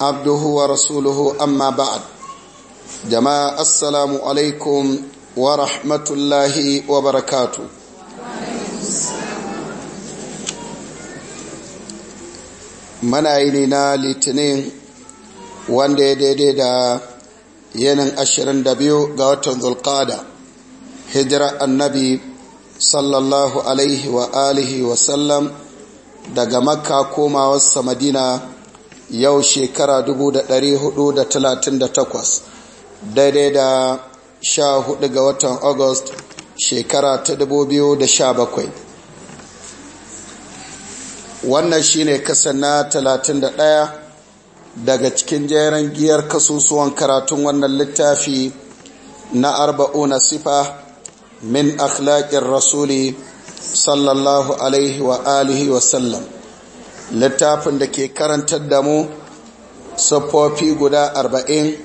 abduhu wa rasuluhu amma ba'ad jama'a assalamu alaikum wa rahmatullahi wa barakatu mana yi ne litinin wanda ya daidai da yanin ashirin da biyu ga watan zulkada hijira annabi sallallahu daga makka komawar samadina yau shekara 438 daidai da 14 ga watan august shekara ta 2017 wannan shine kasa na 31 daga cikin jeren giyar kasusuwan karatun wannan littafi na arba'una sifa min akhlaƙin rasuli sallallahu alaihi wa alihi wa sallam littafin da ke karantar da mu siffofi guda arba'in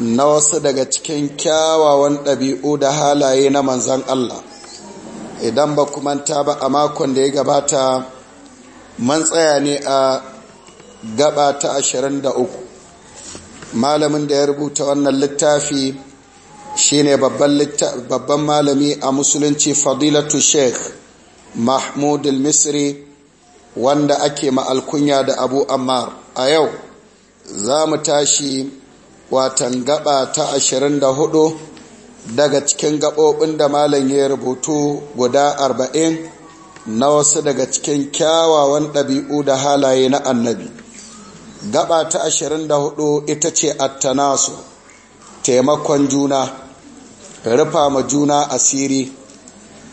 na wasu daga cikin kyawawan ɗabi'u da halaye na manzan Allah idan ba manta ba a makon da ya gabata man tsaya ne a gaba ta ashirin da malamin da ya rubuta wannan littafi shine babban malami a musulunci fadilatu sheikh mahmudul misri wanda ake ma'alkunya da abu ammar a yau za mu tashi watan gaba ta 24 daga cikin gaɓoɓin da malam ya rubutu guda 40 na wasu daga cikin kyawawan ɗabi'u da halaye na annabi gaba ta 24 ita ce attanasu taimakon juna rufa ma juna asiri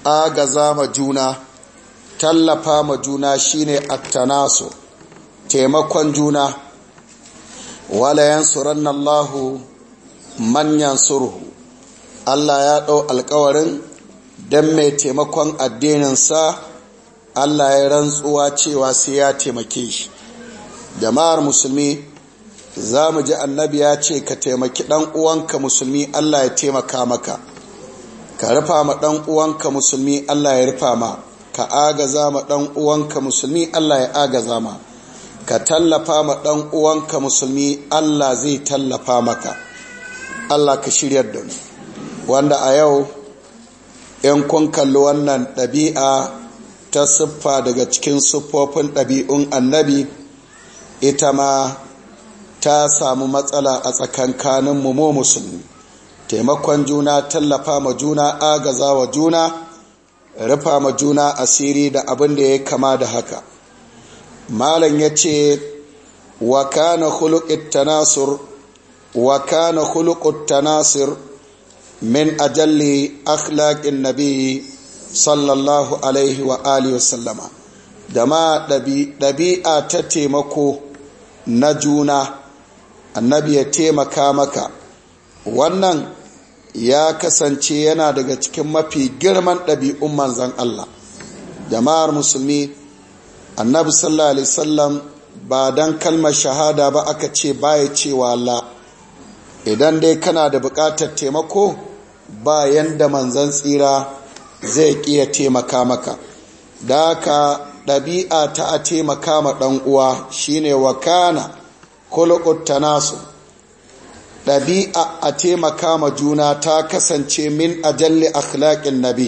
agaza ma juna tallafa ma juna shine attanasu taimakon juna wala yansuran Allahu man yansuruhu Allah ya dau alƙawarin dan mai taimakon addinin sa Allah ya rantsuwa cewa sai ya taimake shi jama'ar musulmi za mu ji annabi ya ce ka taimaki ɗan uwanka musulmi Allah ya taimaka maka ka rufa ma ɗan uwanka musulmi Allah ya rufa ma ka agaza ma ɗan uwanka musulmi Allah ya agaza ma ka tallafa ma ɗan uwanka musulmi Allah zai tallafa maka Allah ka shirya da mu wanda a yau ‘yan kun kalli wannan ɗabi'a ta siffa daga cikin siffofin ɗabi'un annabi ita ma ta samu matsala a tsakankanin mu musulmi taimakon juna tallafa ma juna agaza wa juna rufa ma juna asiri da abin da ya kama da haka malam ya ce wa kana khuluqut tanasur wa kana khuluqut tanasir min ajalli akhlaqin nabi sallallahu alaihi wa alihi wasallama da ma ɗabi'a ta taimako na juna annabi ya taimaka maka wannan ya kasance yana daga cikin mafi girman ɗabi'un manzan Allah jama'ar musulmi annabi sallallahu alaihi wasallam ba don kalmar shahada ba aka ce baya cewa la idan dai kana da buƙatar taimako ba yanda manzan tsira zai ƙiya taimaka maka da aka ɗabi'a ta a taimaka ma ɗan uwa shine wakana kulukut nasu. ɗabi'a a taimaka ma juna ta kasance min ajalli akhlaƙin nabi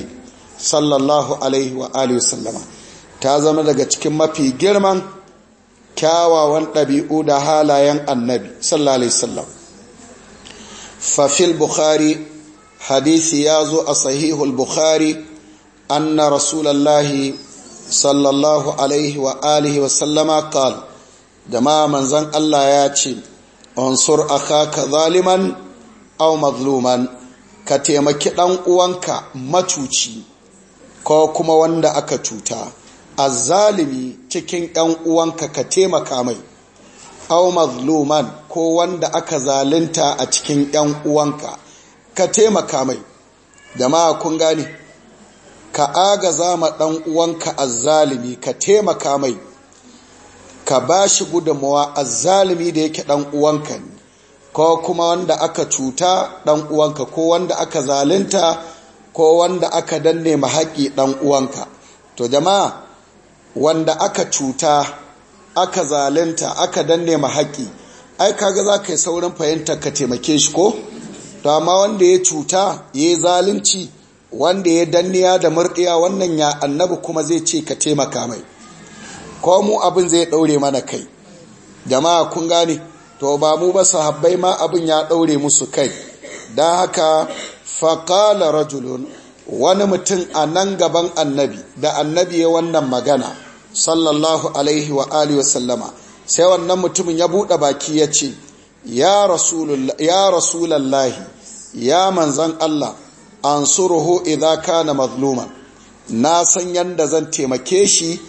sallallahu alaihi wa alihi sallama ta zama daga cikin mafi girman kyawawan ɗabi'u da halayen annabi sallallahu alaihi sallam fafil bukhari hadisi ya zo a sahihul bukhari anna rasulallahi sallallahu alaihi wa alihi wa sallama qala jama'a manzon Allah ya ce unsur akhaka zaliman aw mazluman ka taimaki dan uwanka macuci ko kuma wanda aka cuta azzalimi cikin yan uwanka ka taimaka mai aw mazluman ko wanda aka zalunta a cikin yan uwanka ka taimaka mai jama'a kun gane ka agaza ma dan uwanka azzalimi ka taimaka mai ka ba shi gudunmawa zalimi da yake ɗan uwanka ne ko kuma wanda aka cuta ɗan'uwanka uwanka ko wanda aka zalinta ko wanda aka danne mahaƙi ɗan'uwanka uwanka to jama'a wanda aka cuta aka zalinta aka danne mahaƙi ai kaga za ka yi saurin fahimta ka taimake shi ko to amma wanda ya cuta ya yi zalunci wanda ya danniya da murɗiya wannan ya annabi kuma zai ce ka taimaka mai ko mu abin zai ɗaure mana kai jama'a kun gane to ba mu ba sahabbai ma abin ya ɗaure musu kai da haka faƙala rajulun wani mutum a nan gaban annabi da annabi ya wannan magana sallallahu alaihi wa alihi sallama sai wannan mutumin ya buɗe baki ya ce ya rasulallahi ya manzan Allah an suruhu ka kana mazluman na san yadda zan taimake shi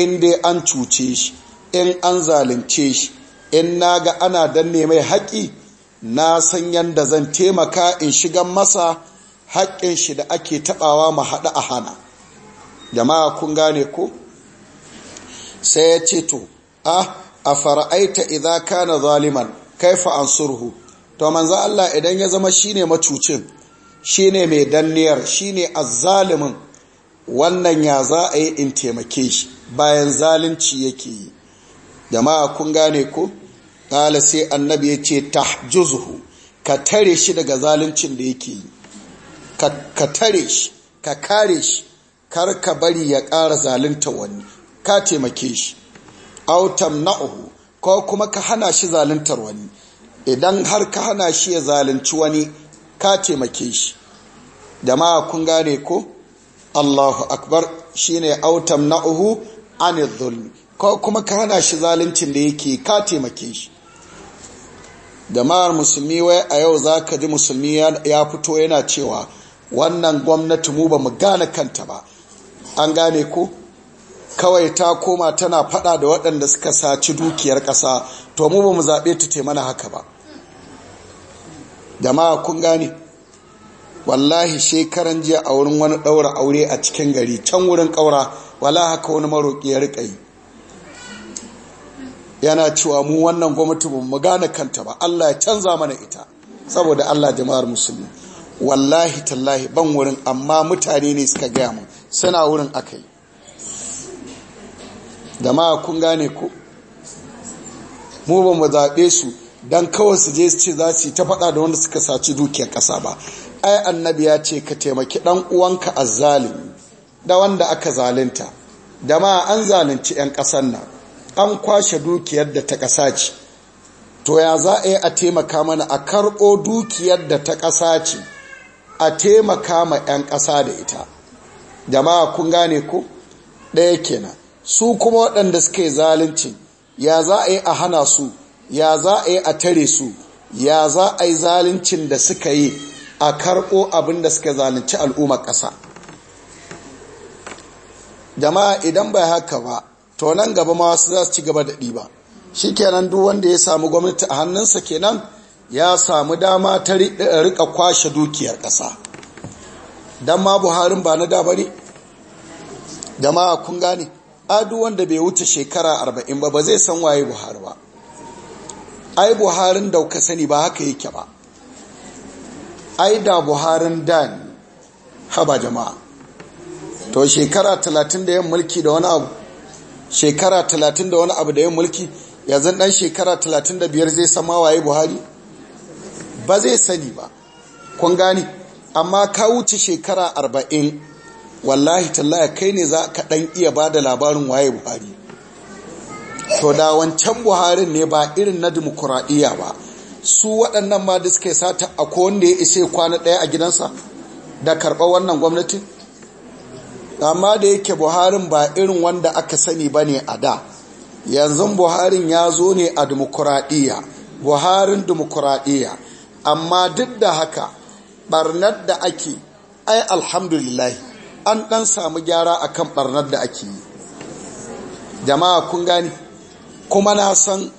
in dai an cuce shi in an zalunce shi in na ga ana danne mai haƙi na san yadda zan taimaka in shiga masa haƙƙin shi da ake taɓawa ma haɗa a hana jama'a kun gane ko sai ya ce to a ah, a fara'aita idan kana zaliman kaifa surhu to manzo Allah idan ya zama shine macucin shine mai danniyar shine azzalimin wannan ya za a yi in taimake shi bayan zalunci yake yi jama'a kun gane ko ƙala sai annabi ya ce tahjuzuhu ka tare shi daga zaluncin da yake yi ka tare shi ka kare shi kar ka bari ya ƙara zalunta wani ka taimake shi autam na'uhu ko kuma ka hana shi zaluntar wani idan har ka hana shi ya zalunci wani ka taimake shi jama'a kun gane ko Allahu akbar shine autam na'uhu anil zulmi ko kuma ka hana shi zaluncin da yake ka taimake shi jama'ar musulmi wai a yau za ka ji musulmi ya fito yana cewa wannan gwamnati mu ba mu gane kanta ba an gane ko kawai ta koma tana fada da waɗanda suka saci dukiyar ƙasa to mu ba mu zaɓe ta taimana haka ba jama'a kun gane wallahi shekaran jiya a wurin wani ɗaura aure a cikin gari can wurin ƙaura wala haka wani maroƙi ya riƙa yi yana cewa mu wannan gwamnati ba mu gane kanta ba Allah ya canza mana ita saboda Allah jama'ar musulmi wallahi tallahi ban wurin amma mutane ne suka gaya mu suna wurin akai da ma kun gane ku. mu ba mu zaɓe su don kawai su je su ce za su yi ta faɗa da wanda suka saci dukiyar ƙasa ba ai annabi ya ce ka taimaki ɗan uwanka azzalimi da wanda aka zalunta da ma an zalunci 'yan ƙasan nan an kwashe dukiyar da ta ƙasa ce to ya za a yi a taimaka mana a karɓo dukiyar da ta ƙasa ce a taimaka ma 'yan ƙasa da ita jama'a kun gane ku? ɗaya kenan su kuma waɗanda suka yi zalunci ya za a yi a hana su ya za a yi a tare su ya za a yi zaluncin da suka yi a karɓo abin da suka zalunci al'ummar ƙasa jama'a idan bai haka ba to nan gaba ma wasu za su ci gaba da ɗiba shi kenan duk wanda ya samu gwamnati a hannunsa kenan ya samu dama ta rika kwashe dukiyar ƙasa don ma buharin ba na da jama'a kun gane adu wanda bai wuce shekara arba'in ba ba zai san waye buhari ba ai buharin dauka sani ba haka yake ba ai da buharin dan haba jama'a to shekara talatin da yin mulki da wani abu shekara talatin da wani abu da yin mulki yanzu dan shekara talatin da biyar zai sama waye buhari ba zai sani ba kun gani amma ka wuce shekara arba'in wallahi tallaya kai ne za ka dan iya ba da labarin waye buhari to da wancan buhari ne ba irin na dimokuraɗiyya ba su waɗannan ma da suka yi sata a kowanne ya isa kwana ɗaya a gidansa da karɓar wannan gwamnatin amma da yake buharin ba irin wanda aka sani ba ne a da yanzu buharin ya zo ne a demokuraɗiyya buharin demokuraɗiyya amma duk da haka ɓarnar da ake ai alhamdulillah an ɗan samu gyara a kan ɓarnar da ake yi jama'a kun gani kuma na san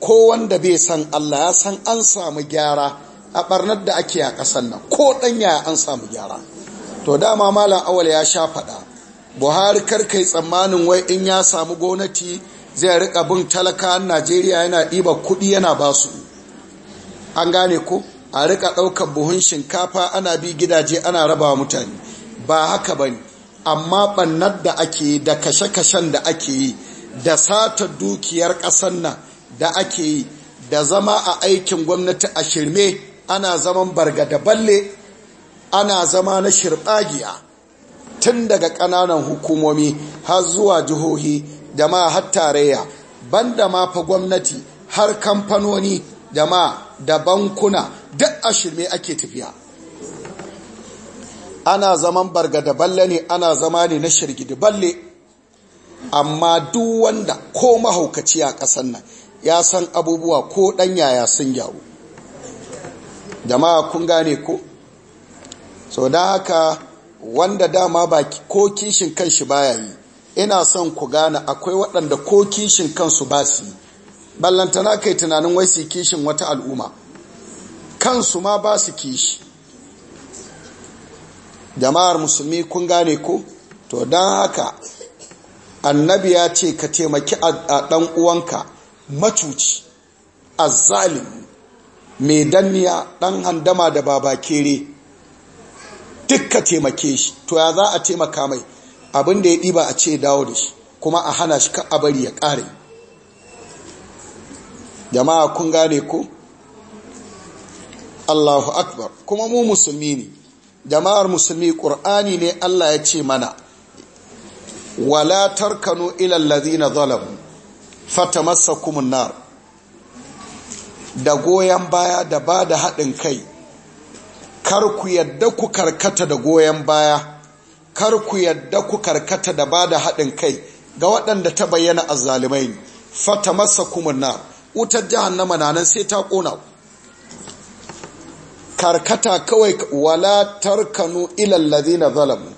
ko wanda bai san Allah ya san an samu gyara a ɓarnar da ake a ƙasar nan ko ɗanya an samu gyara to dama malam awal ya sha faɗa buhari karkai tsammanin wai in ya samu gwamnati zai rika bin talakan najeriya yana ɗiba kuɗi yana ba su an gane ko a rika ɗaukar buhun shinkafa ana bi gidaje ana raba mutane ba haka ba ne amma ɓannar da ake yi da kashe-kashen da ake yi da satar dukiyar ƙasar nan da ake yi da zama a aikin gwamnati a shirme ana zaman barga da balle ana zama na shirɓagiya tun daga ƙananan hukumomi har zuwa jihohi da ma har tarayya banda ma fa gwamnati har kamfanoni da ma da bankuna duk a shirme ake tafiya ana zaman barga da balle ne ana zama ne na shirgidi balle amma duk wanda ko mahaukaci a ƙasar nan ya san abubuwa ko ɗan yaya sun da jama'a kun gane ko so don haka wanda dama ba ko kishin kanshi baya yi ina son ku gane akwai waɗanda ko kishin kansu ba su ballantana kai tunanin wai su kishin wata al'umma kansu ma ba su kishi jama'ar musulmi kun gane ko to don haka annabi ya ce ka taimaki a ɗan uwanka macuci a zalim mai danniya ɗan handama da baba kere dukka taimake shi to ya za a taimaka mai abin da ya ɗiba a ce dawo da shi kuma a hana shi ka abari ya ƙare jama'a kun gane ko Allahu akbar kuma mu musulmi ne jama'ar musulmi ƙur'ani ne Allah ya ce mana wala tarkanu na allazina masa masa nar da goyon baya da ba da haɗin kai kar ku yadda ku karkata da goyon baya kar ku yadda ku karkata da ba da haɗin kai ga waɗanda ta bayyana a zalimai fata masa kumurna wutar jahannama na nan sai ta ƙona karkata kawai wala tarkanu ilal ladina zalamu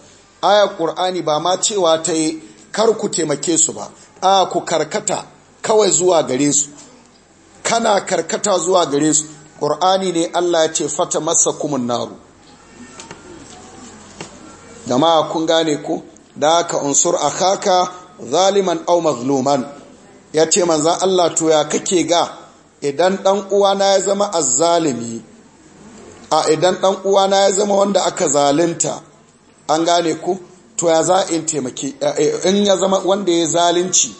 aya ƙur'ani ba ma cewa ta yi kar ku taimake su ba a ku karkata kawai zuwa gare su kana karkata zuwa gare su ƙur'ani ne Allah ya ce fata masa kumun naru jama'a kun gane ku da aka unsur a kaka zaliman au mazluman ya ce manza Allah to ya kake ga idan ɗan uwana ya zama azzalimi a idan ɗan uwana ya zama wanda aka zalinta an gane ku to ya za in taimake eh, eh, in ya zama wanda ya zalunci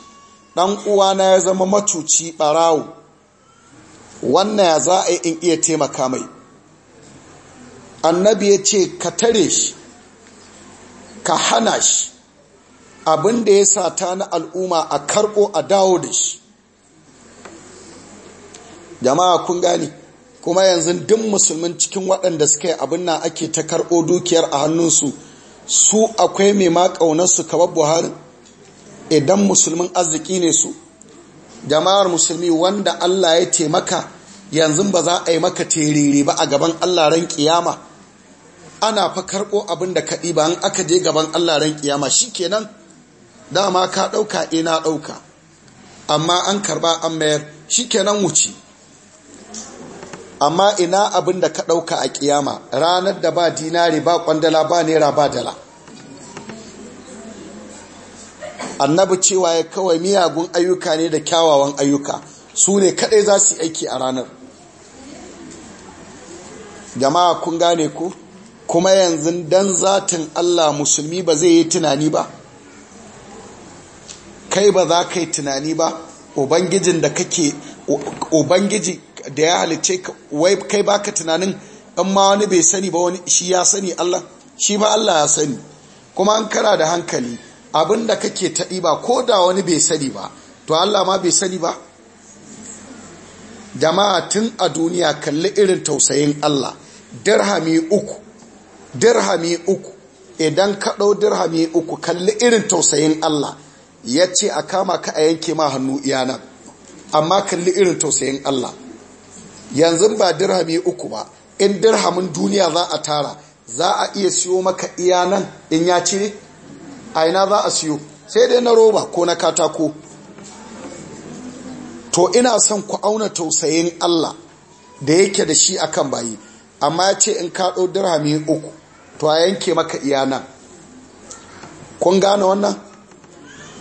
ɗan uwana ya zama macuci ɓarawo wannan za a yi in iya taimaka mai annabi ya ce ka tare shi ka hana shi abin da ya sata na al'umma a karɓo a dawo da shi jama'a kun gani kuma yanzu duk musulmin cikin waɗanda suka yi abin ake ta karɓo dukiyar a hannunsu su akwai mai ma ƙaunarsu kamar buhari idan musulmin arziki ne su jama'ar musulmi wanda Allah ya taimaka yanzu ba za a yi maka terere ba a gaban Allah ran kiyama ana fa karɓo abin da kaɗi ba an aka je gaban Allah ran kiyama shikenan dama ka dauka ina eh, dauka amma an karba an mayar shikenan wuce amma ina abin da ka dauka a kiyama ranar da ba dinari ba kwandala ba naira ba dala annabi cewa ya kawai miyagun ayyuka ne da kyawawan ayyuka su ne kadai za su aiki a ranar jama'a kun gane ku kuma yanzu dan zatin Allah musulmi ba zai yi tunani ba kai ba za ka yi tunani ba ubangijin da kake ubangiji da ya halice wai kai baka tunanin in ma wani bai sani ba wani shi ya sani Allah shi ba Allah ya sani kuma an kara da hankali Abin da kake taɗi ba ko da wani bai sani ba to Allah ma bai sani ba jama'a tun a duniya kalli irin tausayin Allah dirhami uku dirhami uku idan ka ɗau dirhami uku kalli irin tausayin Allah ya ce a kama ka a yanke ma hannu iyana amma kalli irin tausayin Allah yanzu ba dirhami uku ba in dirhamin duniya za a tara za a iya siyo maka iyanan in ya cire a ina za a siyo sai dai na roba ko na katako to ina son ku auna tausayin Allah da yake da shi akan bayi amma ya ce in kaɗo dirhami uku to a yanke maka nan? kun gane wannan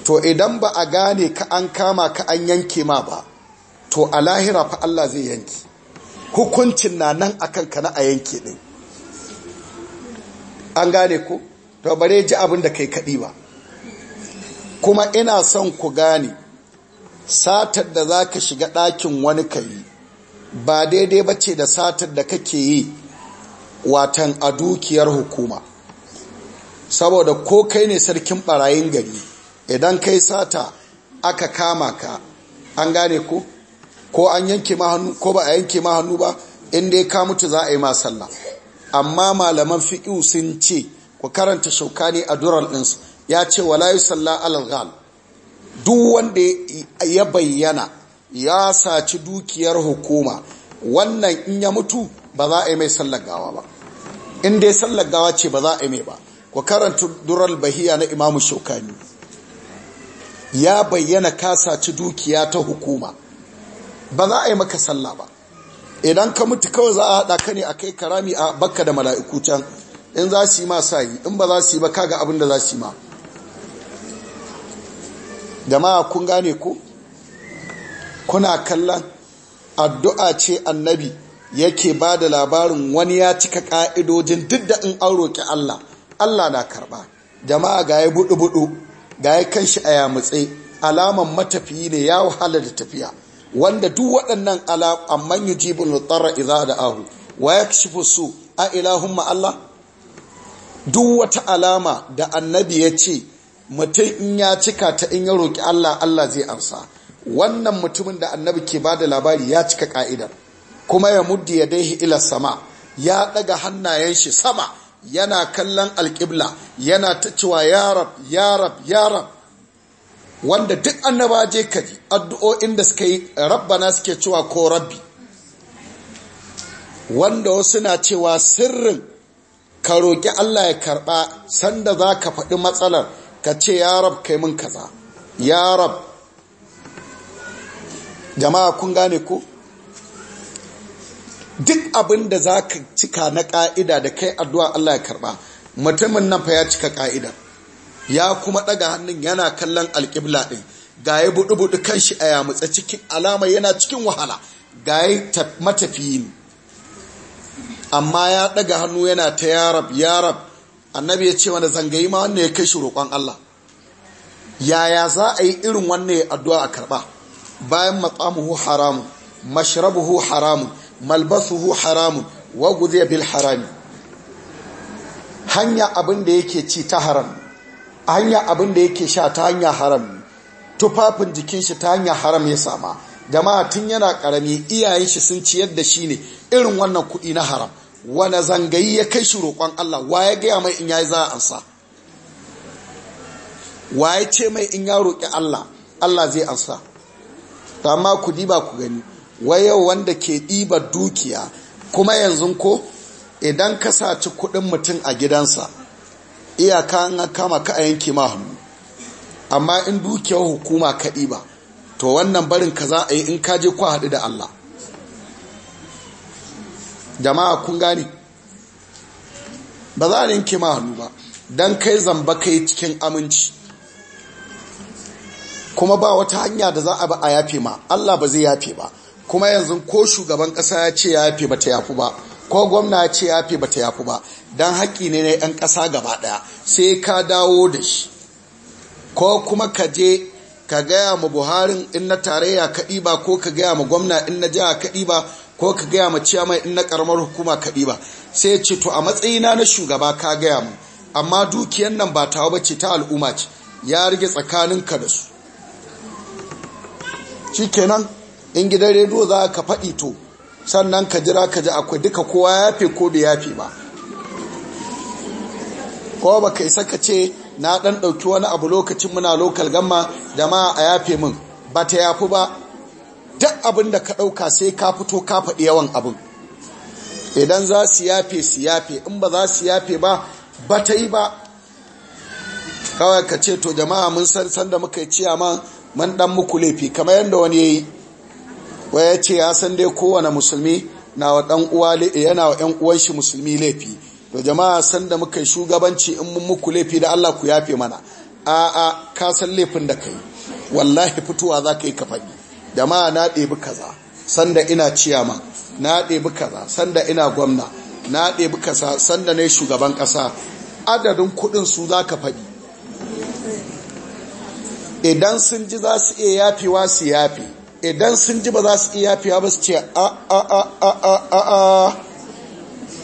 to idan ba a gane ka an kama ka an yanke ma ba to a lahira fa Allah zai yanke hukuncin na nan akan ka na a yanke ɗin an gane ko to bare ji abin da kai kadi ba kuma ina son ku gane satar da za ka shiga ɗakin wani kari ba daidai ba ce da satar da kake yi watan a dukiyar hukuma saboda ko kai ne sarkin barayin gari idan kai sata aka kama ka an gane ko ko an yanke ma hannu ko ba a yanke ma ba inda ya mutu za a yi ma sallah amma malaman fiƙiu sun ce ku karanta shaukani a dural ɗinsu ya ce wa layu salla duk wanda ya bayyana ya saci dukiyar hukuma wannan in ya mutu ba za a yi mai sallar gawa ba in dai sallar gawa ce ba za a yi mai ba ku karanta dural bahiya na imamu shaukani ya bayyana ka saci dukiya ta hukuma ba za a yi maka sallah ba idan ka mutu kawai za a haɗa ka ne a kai karami a bakka da mala'iku can in za su yi ma sa yi in ba za su yi ba kaga abin da za su yi ma da ma kun gane ku kuna kallon addu'a ce annabi yake ba da labarin wani ya cika ka'idojin duk da in an roƙi Allah Allah na karɓa jama'a ga ya buɗu-buɗu ga ya shi a yamutse alaman matafiyi ne ya wahala da tafiya wanda duk waɗannan alaman yujibul mutarra iza da ahu wa yakshifu su a ma Allah duk wata alama da annabi ya ce mutum in ya cika ta in ya roƙi Allah Allah zai amsa wannan mutumin da annabi ke ba da labari ya cika ka'idar kuma ya muddi ya daihi ila sama ya ɗaga hannayen shi sama yana kallon alƙibla yana ta cewa yarab yarab yarab wanda duk annaba je ka ji, addu'o'in da suka yi rabbana suke cewa ko rabbi wanda wasu na cewa sirrin ka roƙi Allah ya karɓa sanda za ka faɗi matsalar ka ce ya rab kai min kaza ya rab jama'a kun gane ku? duk abin da za ka cika na ƙa'ida da kai addu'a Allah ya karɓa mutumin nan fa ya cika ƙa'ida ya kuma ɗaga hannun yana kallon alƙibla ɗin ga ya buɗu-buɗu kan shi a yamutsa cikin alama yana cikin wahala ga ya matafiyin amma ya daga hannu yana ta yarab yarab annabi ya ce wanda zangayi ma wannan ya kai shi roƙon Allah yaya za a yi irin wannan addu'a a karɓa bayan matsamuhu haramu mashrabuhu haramu malbasuhu haramu, wa guziya bil harami hanya abin da yake ci ta haram hanya abin da yake sha ta hanya haram tufafin jikin shi ta hanya haram ya sama jama'a tun yana karami iyayen shi sun ciyar da shi ne irin wannan kuɗi na haram wane zangayi ya kai shi roƙon Allah wa ya gaya mai in ya za a ansa wa ya ce mai in ya roƙi Allah Allah zai ansa ta ma ku diba ku gani yau wanda ke ɗiba dukiya kuma yanzu ko idan ka saci kuɗin mutum a gidansa iyaka an kama ka a yanke ma hannu amma in dukiyar hukuma ka ɗiba to wannan barin ka za a yi in ka je ku haɗu da Allah jama'a kun gane ba za a yanke ma hannu ba don kai zamba kai cikin aminci kuma ba wata hanya da za a ba a yafe ma Allah ba zai yafe ba kuma yanzu ko shugaban kasa ya ce ya yafe ba ta yafu ba ko gwamna ya ce ya yafe ba ta yafu ba don haƙƙi ne na 'yan ƙasa gaba ɗaya sai ka dawo da shi ko kuma ka je ka gaya ma buharin in na tarayya kaɗi ba ko ka gaya ma gwamna in na jiha kaɗi ba ko ka gaya mu cewa mai in na karamar hukuma ka ba sai ya ce to a matsayina na shugaba ka gaya mu amma dukiyan nan ba tawa bace ta al'umma ce ya rige ka da su shikenan in gidan rediyo za ka faɗi to sannan ka jira ka ji akwai duka kowa ya fi ko bai ya fi ba kowa ba ka isa ka ce na ɗan ɗauki wani abu lokacin muna lokal gamma jama'a a yafe min ba ta yafi ba duk abin da ka ɗauka sai ka fito ka faɗi yawan abin idan za su yafe su yafe in ba za su yafe ba ba ta yi ba kawai ka ce to jama'a mun san sanda muka yi ciya ma man dan muku laifi kamar yadda wani ya yi waya ce ya san dai kowane musulmi na wa dan uwa yana wa ƴan uwan shi musulmi laifi to jama'a sanda muka yi shugabanci in mun muku laifi da Allah ku yafe mana a'a ka san laifin da kai wallahi fitowa za ka yi ka faɗi da ma na ɗebi kaza sanda ina ciyama na ɗebi kaza sanda ina gwamna na ɗebi kaza sanda na shugaban ƙasa adadin kuɗin su za ka faɗi idan sun ji za su iya yafewa su yafe idan sun ji ba za su iya yafewa ba su ce a a a a a a a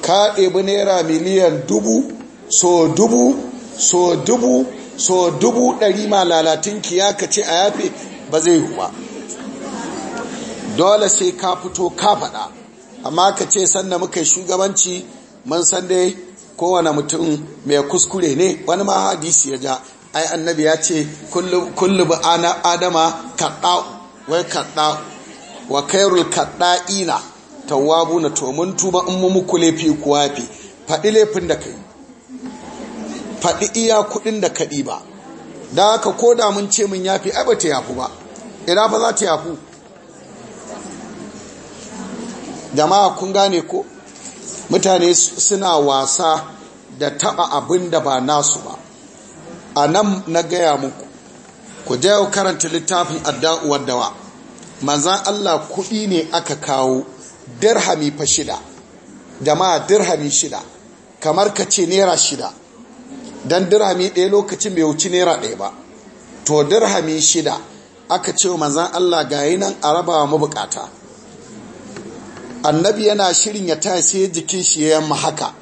ka ɗebi naira miliyan dubu so dubu so dubu so dubu ɗari ma lalatinki ya ka ce a yafe ba zai yi ba dole sai ka fito ka faɗa amma ka ce sannan muka yi shugabanci mun san dai kowane mutum mai kuskure ne wani ma hadisi ya ja ai annabi ya ce kullu bu ana adama kadda'u wai kadda'u wa khairul kadda'ina tawwabuna to mun tuba in mu muku laifi kuwa fi faɗi laifin da kai faɗi iya kuɗin da kaɗi ba da haka ko da mun ce mun yafi ai ba ta yafu ba ina ba za ta yafu jama'a kun gane ko mutane suna wasa da taba abin da ba nasu ba a nan na gaya muku ku je karanta littafin adda'uwar dawa manzan Allah kuɗi ne aka kawo dirhami fa shida jama'a dirhami shida kamar ka ce naira shida dan dirhami ɗaya lokacin bai wuci naira ɗaya ba to dirhami shida aka ce wa manzan Allah gayi nan a rabawa mabukata annabi yana shirin ya sai jikin shi yamma haka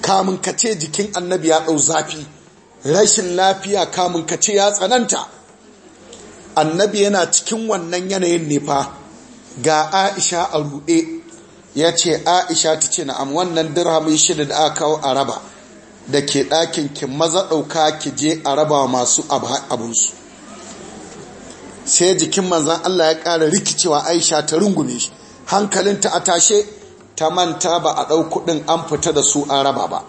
kamun kace jikin annabi ya dau zafi rashin lafiya kamun kace ya tsananta annabi yana cikin wannan yanayin ne fa ga Aisha a rude ya ce Aisha ta ce na'am wannan dirhamin shida da aka kawo a raba da ke ɗakin ki maza ɗauka ki je a raba masu abunsu sai jikin manzan Allah ya ƙara rikicewa Aisha ta rungume shi hankalinta a tashe ta manta ba a ɗau kuɗin an fita da su an raba ba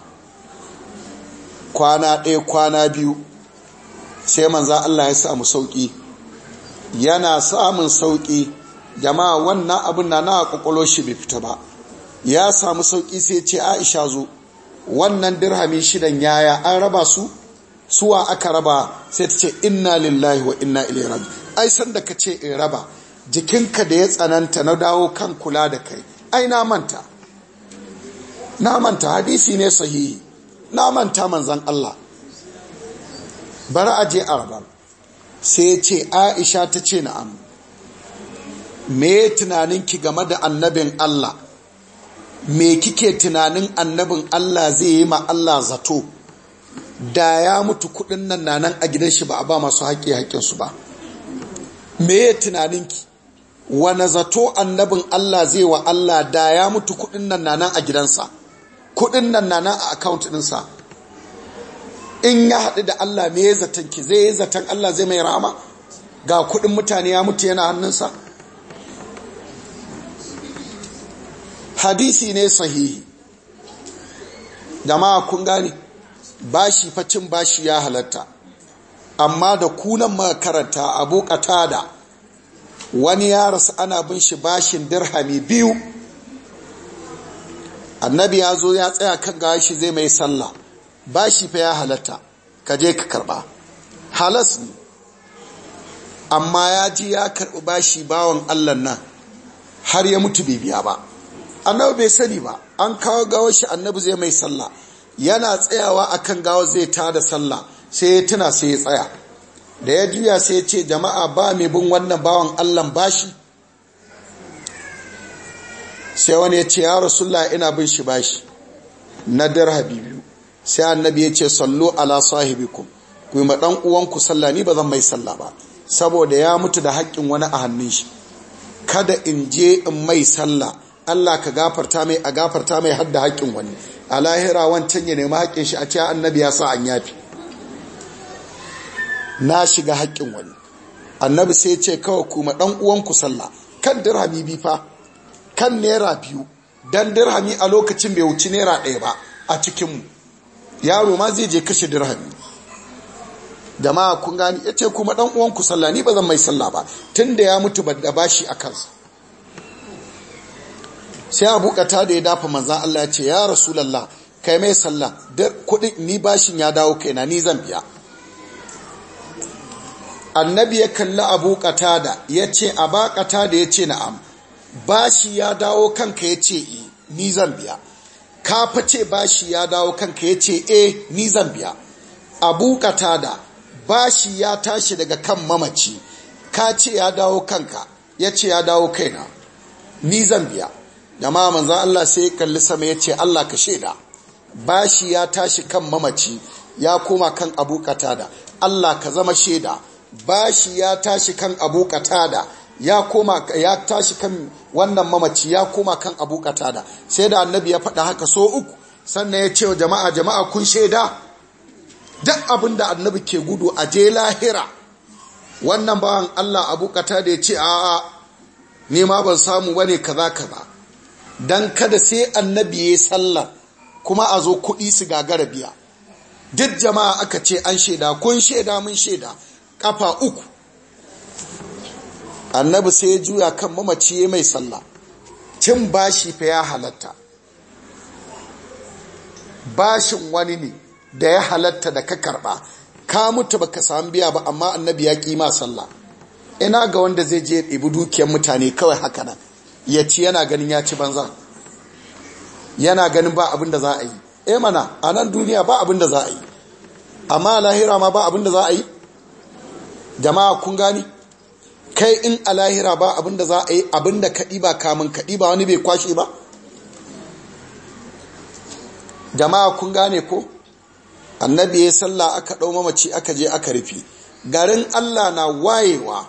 kwana ɗaya kwana biyu sai manza Allah ya samu sauƙi yana samun sauƙi jama'a wannan abin na na ƙwaƙwalo shi bai fita ba ya samu sauƙi sai ce aisha zo wannan dirhami shidan yaya an raba su suwa aka raba sai ta ce inna lillahi wa inna ilaihi ai sanda ka ce in raba jikinka da ya tsananta na dawo kan kula da kai ai na manta na manta hadisi ne sahihi na manta manzan Allah bari a je Arabar. sai ce aisha ta ce na'am me tunaninki game da annabin Allah me kike tunanin annabin Allah zai yi ma Allah zato da ya mutu kudin nan nan a gidan shi ba a ba masu haƙe haƙinsu ba me tunaninki wane zato annabin Allah zai wa Allah da ya mutu kudin nan na nan a gidansa kudin nan na nan a account ɗinsa in ya haɗu da Allah me ya zaton ki zai yi zaton Allah zai mai rama ga kudin mutane ya mutu yana hannunsa hadisi ne sahihi jama'a kun gane bashi facin bashi ya halatta amma da kunan makaranta abu da. wani ya rasu ana bin shi bashin dirhami biyu annabi ya zo ya tsaya kan gawa shi zai mai sallah bashi fa ya halatta ka je ka karba halas ne amma ya ji ya karbi bashi bawan allah nan har ya mutu bibiya ba annabi bai sani ba an kawo gawar shi annabi zai mai sallah yana tsayawa akan gawa zai tada sallah sai ya tuna sai ya tsaya da ya juya sai ya ce jama'a ba mai bin wannan bawan allan bashi sai wani ya ce ya rasulullah ina bin shi bashi na dar habibu sai annabi ya ce sallo ala sahibikum ku yi ma uwanku sallah ni ba zan mai sallah ba saboda ya mutu da haƙƙin wani a hannun shi kada in je in mai sallah Allah ka gafarta mai a gafarta mai hadda haƙƙin wani a lahira wancan ya nemi haƙƙin shi a ce annabi ya sa an yafi na shiga haƙƙin wani annabi sai ce kawai kuma ɗan uwanku sallah kan dirhami bi fa kan naira biyu dan dirhami a lokacin bai wuci naira ɗaya ba a cikinmu yaro ma zai je kashe dirhami jama'a kun gani ya ce kuma ɗan uwanku sallah ni ba zan mai sallah ba Tunda ya mutu ban da bashi a kansa sai abu kata da ya dafa manza Allah ya ce ya rasulallah kai mai sallah kuɗin ni bashin ya dawo kaina ni zan biya annabi ya kalli abu da ya ce a aba da ya ce na'am bashi ya dawo kanka ya ce e ni zan ka fice bashi ya dawo kanka ya ce eh ni zan biya abu qatada bashi ya tashi daga kan mamaci ka ce ya dawo kanka ya ce ya dawo kaina ni zan biya ma Allah sai ya kalli sama ya ce Allah ka shaida bashi ya tashi kan mamaci ya koma kan abu katada Allah ka zama shaida bashi ya tashi kan abu katada ya koma ya tashi kan wannan mamaci ya koma kan abu katada sai da annabi ya faɗa haka so uku sannan ya ce wa jama'a jama'a kun shaida duk abin da annabi ke gudu a je lahira wannan bawan Allah abu katada ya ce a'a ni ma ban samu bane kaza kaza dan kada sai annabi ya sallar kuma a zo kuɗi su gagara biya duk jama'a aka ce an shaida kun shaida mun shaida kafa uku annabi sai ya juya kan mamaci mai sallah cin bashi fa ya halatta bashin wani ne da ya halatta da ka karba ka mutu baka sami biya ba amma annabi ya kima sallah ina ga wanda zai je ibi dukiyar mutane kawai haka nan ya ci yana ganin ya ci banza yana ganin ba abin da za a yi eh mana a nan duniya ba abin da za a yi amma lahira ma ba abin da za a yi jama'a kun gani kai in a lahira ba abinda za a yi abinda kaɗi ba kamun kaɗi ba wani bai kwashe ba jama'a kun gane ko annabi ya salla aka ɗau mamaci aka je aka rufe garin allah na wayewa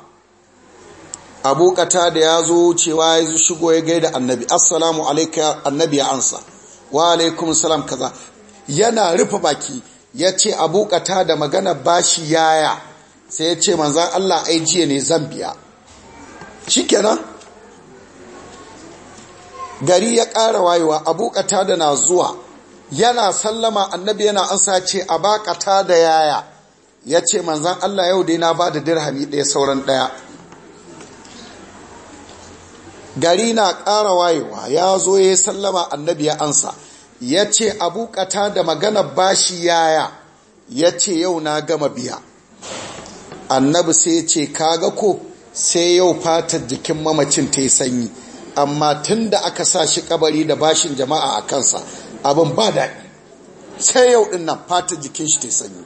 abokata da ya zo cewa ya zo shigo ya gaida annabi assalamu alaika annabi ya ansa wa alaikum salam kaza yana rufe baki ya ce abokata da magana bashi yaya sai ya ce manzan Allah ai jiya ne zan biya shi kenan gari ya ƙara wayewa abu da na zuwa yana sallama annabi yana ansa ce a bakata da yaya ya ce manzan Allah yau dai na ba da dirhami ɗaya sauran ɗaya gari na ƙara wayewa ya zo ya sallama annabi ya ansa ya ce abu da magana bashi yaya ya ce yau na gama biya annabi sai ya ce kaga ko sai yau fatar jikin mamacin ta yi sanyi amma tun da aka sa shi kabari da bashin jama'a a kansa abin ba daɗi sai yau ɗin nan fatar jikin shi ta yi sanyi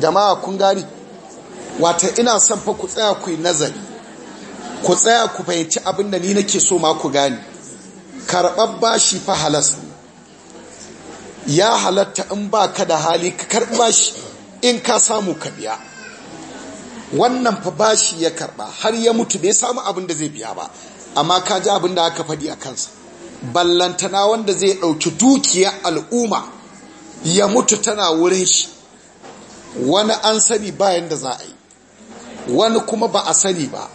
jama'a kun gani wata ina son fa ku tsaya ku yi nazari ku tsaya ku fahimci abin da ni nake so ma ku gani karɓar bashi fa halas ya halatta in ba ka da hali ka karɓa shi in ka samu ka biya wannan fa bashi ya karɓa har ya mutu bai samu abin da zai biya ba amma ka ji abin da aka faɗi a kansa ballantana wanda zai ɗauki dukiyar al'umma ya mutu tana wurin shi wani an sani bayan da za a yi wani kuma ba a sani ba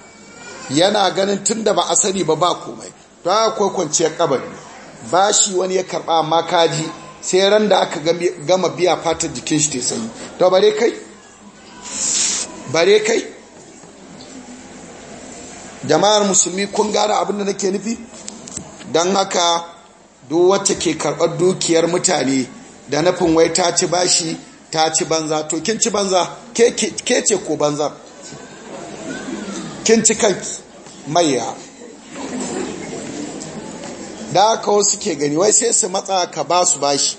yana ganin tun da ba a sani ba ba komai ba kwanciyar kabari ba shi wani ya karɓa amma kaji sai ran da aka gama biya fatar jikin shi ta sanyi to bare kai bare kai jama'ar musulmi kun gara abin da nake nufi don haka duk wacce ke karɓar dukiyar mutane da nufin wai ta ci bashi ta ci banza to kin ci banza ke ce ko banza kin ci kanki maiya da aka wasu ke gani wai sai su matsa ka ba su bashi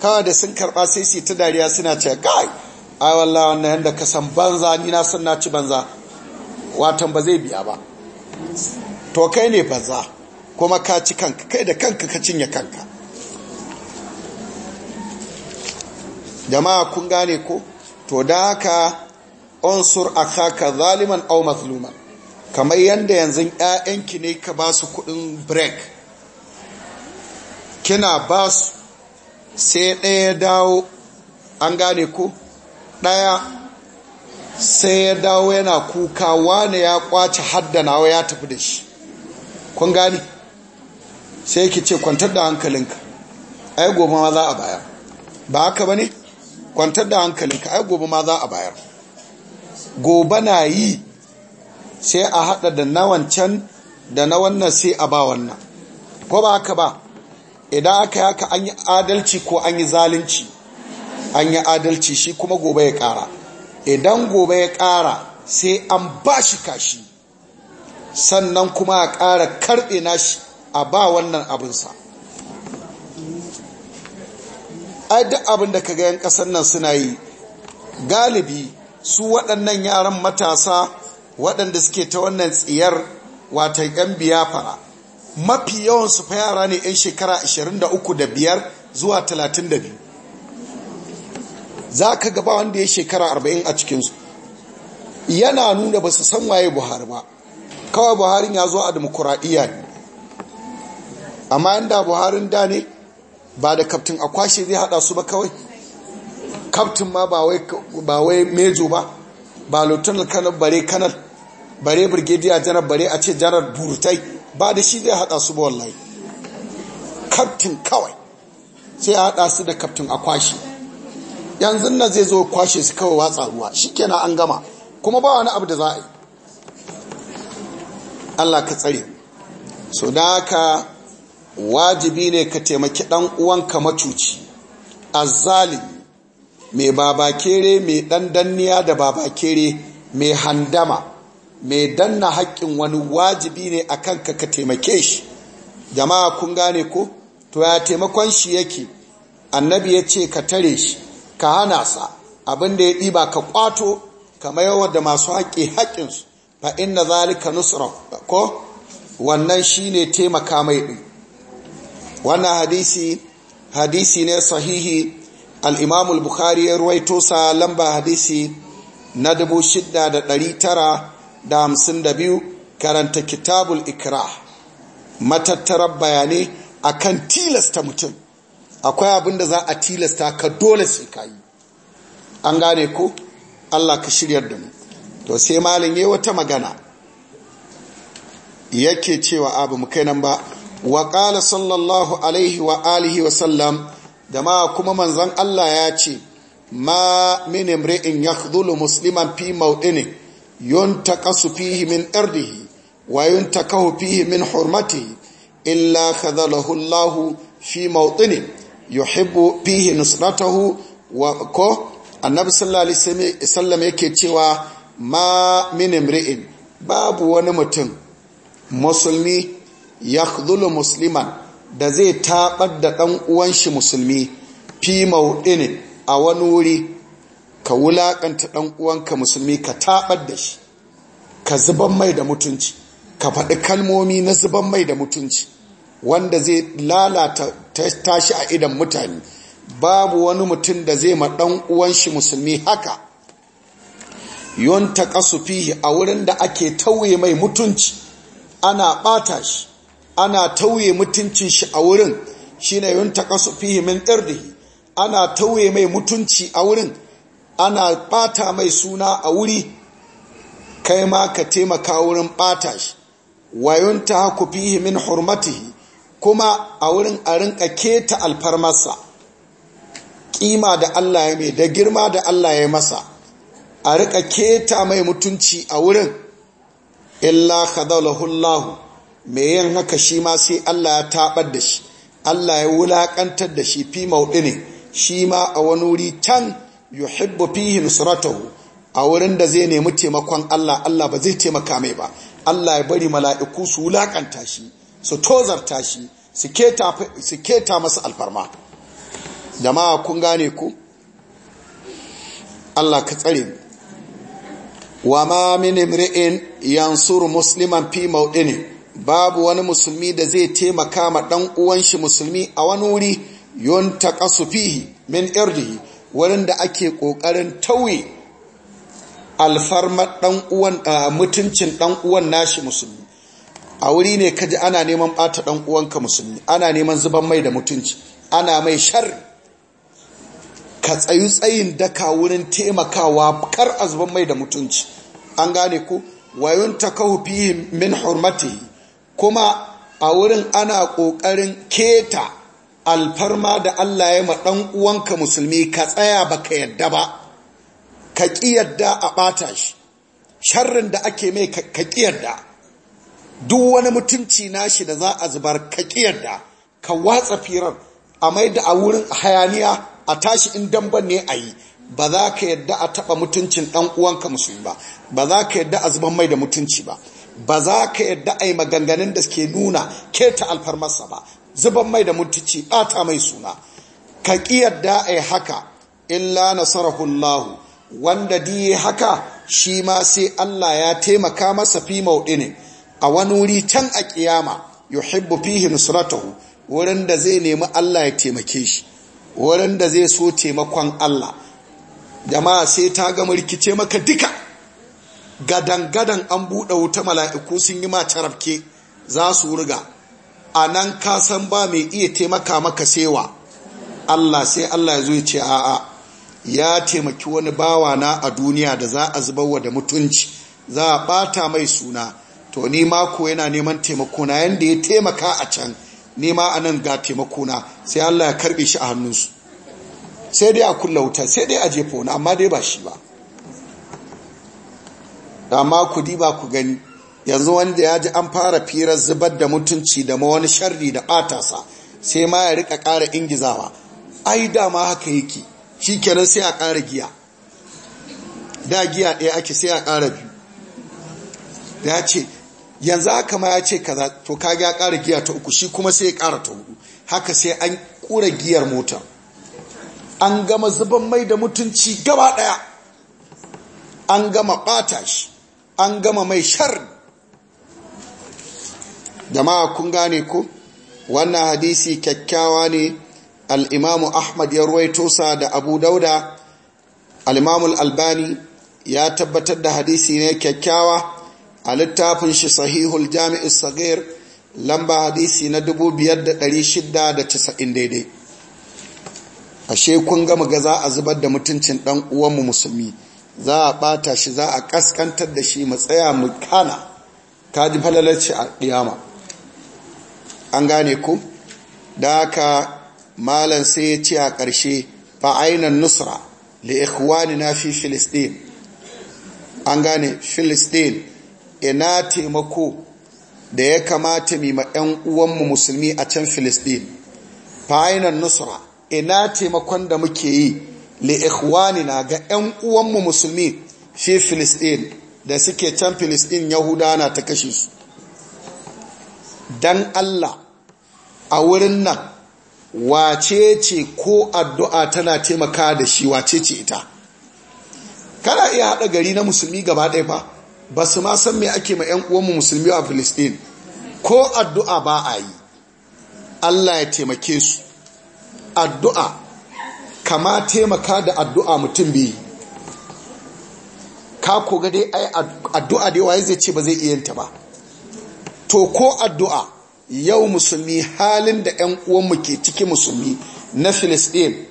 kawai da sun karɓa sai su ta dariya suna ce kai a walla wannan yadda ka san banza ni na san na ci banza watan ba zai biya ba to kai ne banza kuma ka ci kanka kai da kanka ka cinye kanka jama'a kun gane ko to da haka unsur akhaka zaliman aw mazluman kamar yanda yanzu ƴaƴanki ne ka ba su kuɗin break kina ba su sai ɗaya dawo an gane ku ɗaya sai ya dawo yana kuka wane ya kwace haddanawa ya tafi da shi kun gane sai yake ce kwantar da hankalinka ai gobe ma za a bayar ba haka ba ne kwantar da hankalinka ai gobe ma za a bayar gobe na yi sai a hada da na wancan da na wannan sai a ba wannan ko ba haka ba idan aka yi haka an yi adalci ko an yi zalunci an yi adalci shi kuma gobe ya ƙara idan gobe ya ƙara sai an ba shi kashi sannan kuma a ƙara karɓe nashi a ba wannan abinsa ai duk abin da ka ga yan ƙasan nan suna yi galibi su waɗannan yaran matasa waɗanda suke ta wannan tsiyar watan 'yan biyafara mafi yawan su fa yara ne 'yan shekara 23 da biyar zuwa 32 za ka gaba wanda ya shekara 40 a cikinsu yana nuna ba su san waye buhari ba kawai buharin ya zo a demokuraɗiyya ne amma yadda buharin da ne ba da kaftin akwashe zai hada su ba kawai kaftin ma ba wai mejo ba ba lieutenant kanal bare kanal bare brigadier janar bare a ce janar burtai ba da shi zai haɗa su ba wallahi kaftin kawai sai ya haɗa su da kaftin a kwashe yanzu nan zai zo kwashe su kawai watsa ruwa shi kenan an gama kuma ba wani abu da za a yi allah ka tsare so da haka wajibi ne ka taimaki ɗan uwanka macuci azzalimi mai babakere mai dandanniya da babakere mai handama mai danna haƙƙin wani wajibi ne a kanka ka taimake shi jama'a kun gane ko to ya taimakon shi yake annabi ya ce ka tare shi ka hana sa abinda ya ɗiba ka ƙwato kamar yawan da masu haƙƙi haƙƙinsu fa inna zalika nusra ko wannan shine taimaka mai ɗin wannan hadisi hadisi ne sahihi al bukhari ya ruwaito sa lamba hadisi na dubu da ɗari tara. da hamsin da biyu karanta kitabul ikra matattarar bayanai kan tilasta mutum akwai abinda da za a tilasta ka dole sai ka yi an gane ko allah ka shiryar da mu to sai malin yi wata magana yake cewa abu mu kai nan ba wa ƙala sallallahu alaihi wa alihi wa sallam da ma kuma manzan allah ya ce ma min imri'in zulu musliman fi mawdini takasu fihi min ardihi wa takahu fihi min hurmatihi illa khadalahu hulahu fi mawtini yuhibbu fihi nusratahu wa ko annabi sallallahu alaihi wasallam yake cewa ma min imri'in babu wani mutum musulmi yakhdhulu musliman da zai tabar da dan uwan musulmi fi mawdini a wani wuri ka wulaƙanta ɗan uwanka musulmi ka taɓar da shi ka zuban mai da mutunci ka faɗi kalmomi na zuban mai da mutunci wanda zai lalata tashi a idan mutane babu wani mutum da zai ma ɗan uwan shi musulmi haka yon ta fihi a wurin da ake tauye mai mutunci ana ɓata shi ana tauye mutuncin shi a wurin shine yon ta fihi min ɗardihi ana tauye mai mutunci a wurin ana ɓata mai suna a wuri kai ma ka taimaka wurin ɓata shi wayon ta haku fihi min hurmatihi kuma a wurin a rinka keta alfarmarsa kima da Allah ya mai da girma da Allah ya masa a rika keta mai mutunci a wurin illa khadalahullahu me yin haka shi ma sai Allah ya tabar da shi Allah ya wulakantar da shi fi mauɗi shi ma a wani wuri can yuhibbu fihi nusratahu a wurin da zai nemi taimakon Allah Allah ba zai taimaka mai ba Allah ya bari mala'iku su wulakanta shi su tozarta shi su keta masa alfarma jama'a kun gane ku Allah ka tsare mu wa ma min imri'in yansur musliman fi mawdini babu wani musulmi da zai taimaka ma dan uwan shi musulmi a wani wuri yuntaqasu fihi min irdihi wurin da ake ƙoƙarin tauye alfarmar mutuncin ɗan'uwan nashi musulmi a wuri ne kaji ana neman ɓata ɗan'uwanka musulmi ana neman zuban mai da mutunci ana mai shar ka tsayu tsayin daka wurin taimakawa kar a zuban mai da mutunci an gane ku. wayun takahu fihim min hurmatihi kuma a wurin ana ƙoƙarin keta alfarma da Allah ya maɗan uwanka musulmi ka tsaya ba ka yadda ba ka ƙi yadda a ɓata shi sharrin da ake mai ka ƙi yadda duk wani mutunci nashi da za a zubar ka ƙi yadda ka watsa firar a mai da a wurin hayaniya a tashi in damban ne a yi ba za ka yadda a taɓa mutuncin ɗan uwanka musulmi ba ba za ka yadda a zuban mai da mutunci ba ba za ka yadda a yi maganganun da suke nuna keta alfarmarsa ba zuban mai da mutunci bata mai suna ka yadda yi haka illa nasarahu wanda di haka shi ma sai Allah ya taimaka masa fi ne. a wani wuri can a ƙiyama yuhibbu fihi nusratahu wurin da zai nemi Allah ya taimake shi wurin da zai so taimakon Allah jama'a sai ta gama rikice maka duka gadan gadan an buɗe wuta mala'iku sun yi ma tarabke za su riga a nan ka san ba mai iya taimaka maka sewa Allah sai Allah ya zo ya ce a'a ya taimaki wani bawa na a duniya da za a zubarwa da mutunci za a bata mai suna to ni mako yana neman taimako na yanda ya taimaka a can ni ma a nan ga taimakona na sai Allah ya karbe shi a hannunsu sai dai a kulla wuta sai dai a jefa wani amma dai ba shi ba amma ku ba ku gani yanzu wanda ya ji an fara firar zubar da mutunci da ma wani sharri da ɓatasa sai ma ya rika ƙara ingizawa ai dama haka yake shi kenan sai a ƙara giya da giya ɗaya ake sai a ƙara biyu da ya ce yanzu haka ma ya ce kaza to kaga ya ƙara giya ta uku shi kuma sai ya ƙara ta hudu haka sai an ƙura giyar motar an gama zuban mai da mutunci gaba ɗaya an gama ɓata shi an gama mai shari. jama'a kun gane ku wannan hadisi kyakkyawa ne al'imamu ahmad ya ruwaito sa da abu dauda al'imamu albani ya tabbatar da hadisi ne kyakkyawa a littafin shi sahihul jami'in sagir lamba hadisi na 5,690 daidai ashe kun gama ga za a zubar da mutuncin ɗan uwanmu musulmi za a ɓata shi za a ƙaskantar da shi matsaya mu kana ka ji falalarci a ɗiyama an gane ku da haka malan sai ya ce a ƙarshe fa'ainan nusra li na fi filistin an gane filistin ina taimako da ya kamata mima 'yan uwanmu musulmi a can filistin fa'ainan nusra ina taimakon da muke yi li na ga 'yan uwanmu musulmi fi filistin da suke can filistin yahuda na ta kashe su don allah a wurin nan wace ce ko addu'a tana taimaka da shi wace ce ita kana iya haɗa gari na musulmi gaba ɗaya ba ba su ma san me ake ma 'yan uwanmu musulmi a filistin ko addu'a ba a yi allah ya taimake su addu'a kama taimaka da addu'a mutum biyu ka koga dai addu'a dai waye zai ce ba zai iya yanta ba to ko addu'a yau musulmi halin da 'yan uwanmu ke ciki musulmi na filistin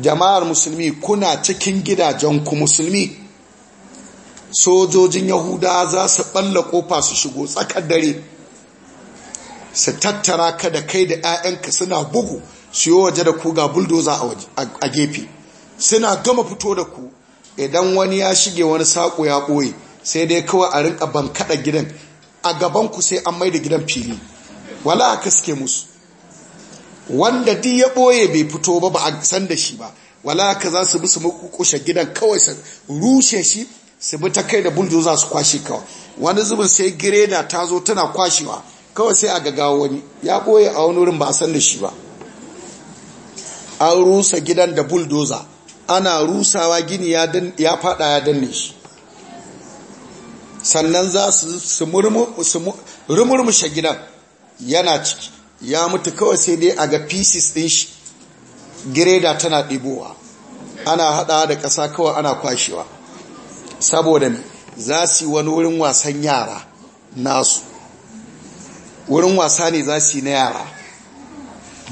jama'ar musulmi kuna cikin gidajenku musulmi sojojin yahuda za su ɓalla ƙofa su shigo tsakar dare su tattara ka da kai da 'ya'yanka suna bugu su yi waje da ku ga buldoza a gefe suna gama fito da ku idan wani ya shige wani saƙo ya ɓoye sai dai kawai a rinka bankaɗa gidan a gabanku sai an mai da gidan fili wala aka suke musu wanda di ya ɓoye bai fito ba ba a san da shi ba wala haka za su bi su makukushe gidan kawai su rushe shi su bi ta kai da buldo za su kwashe kawai wani zubin sai gireda ta zo tana kwashewa kawai sai a gagawa wani ya boye a wani wurin ba a san da shi ba an rusa gidan da buldoza ana rusawa gini ya faɗa ya danne shi sannan za su rumurmushe gidan yana ciki ya mutu kawai sai dai a ga pieces din shi gireda tana ɗibowa ana haɗa da ƙasa kawai ana kwashewa saboda ne za su yi wani wurin wasan yara nasu wurin wasa ne za su yi na yara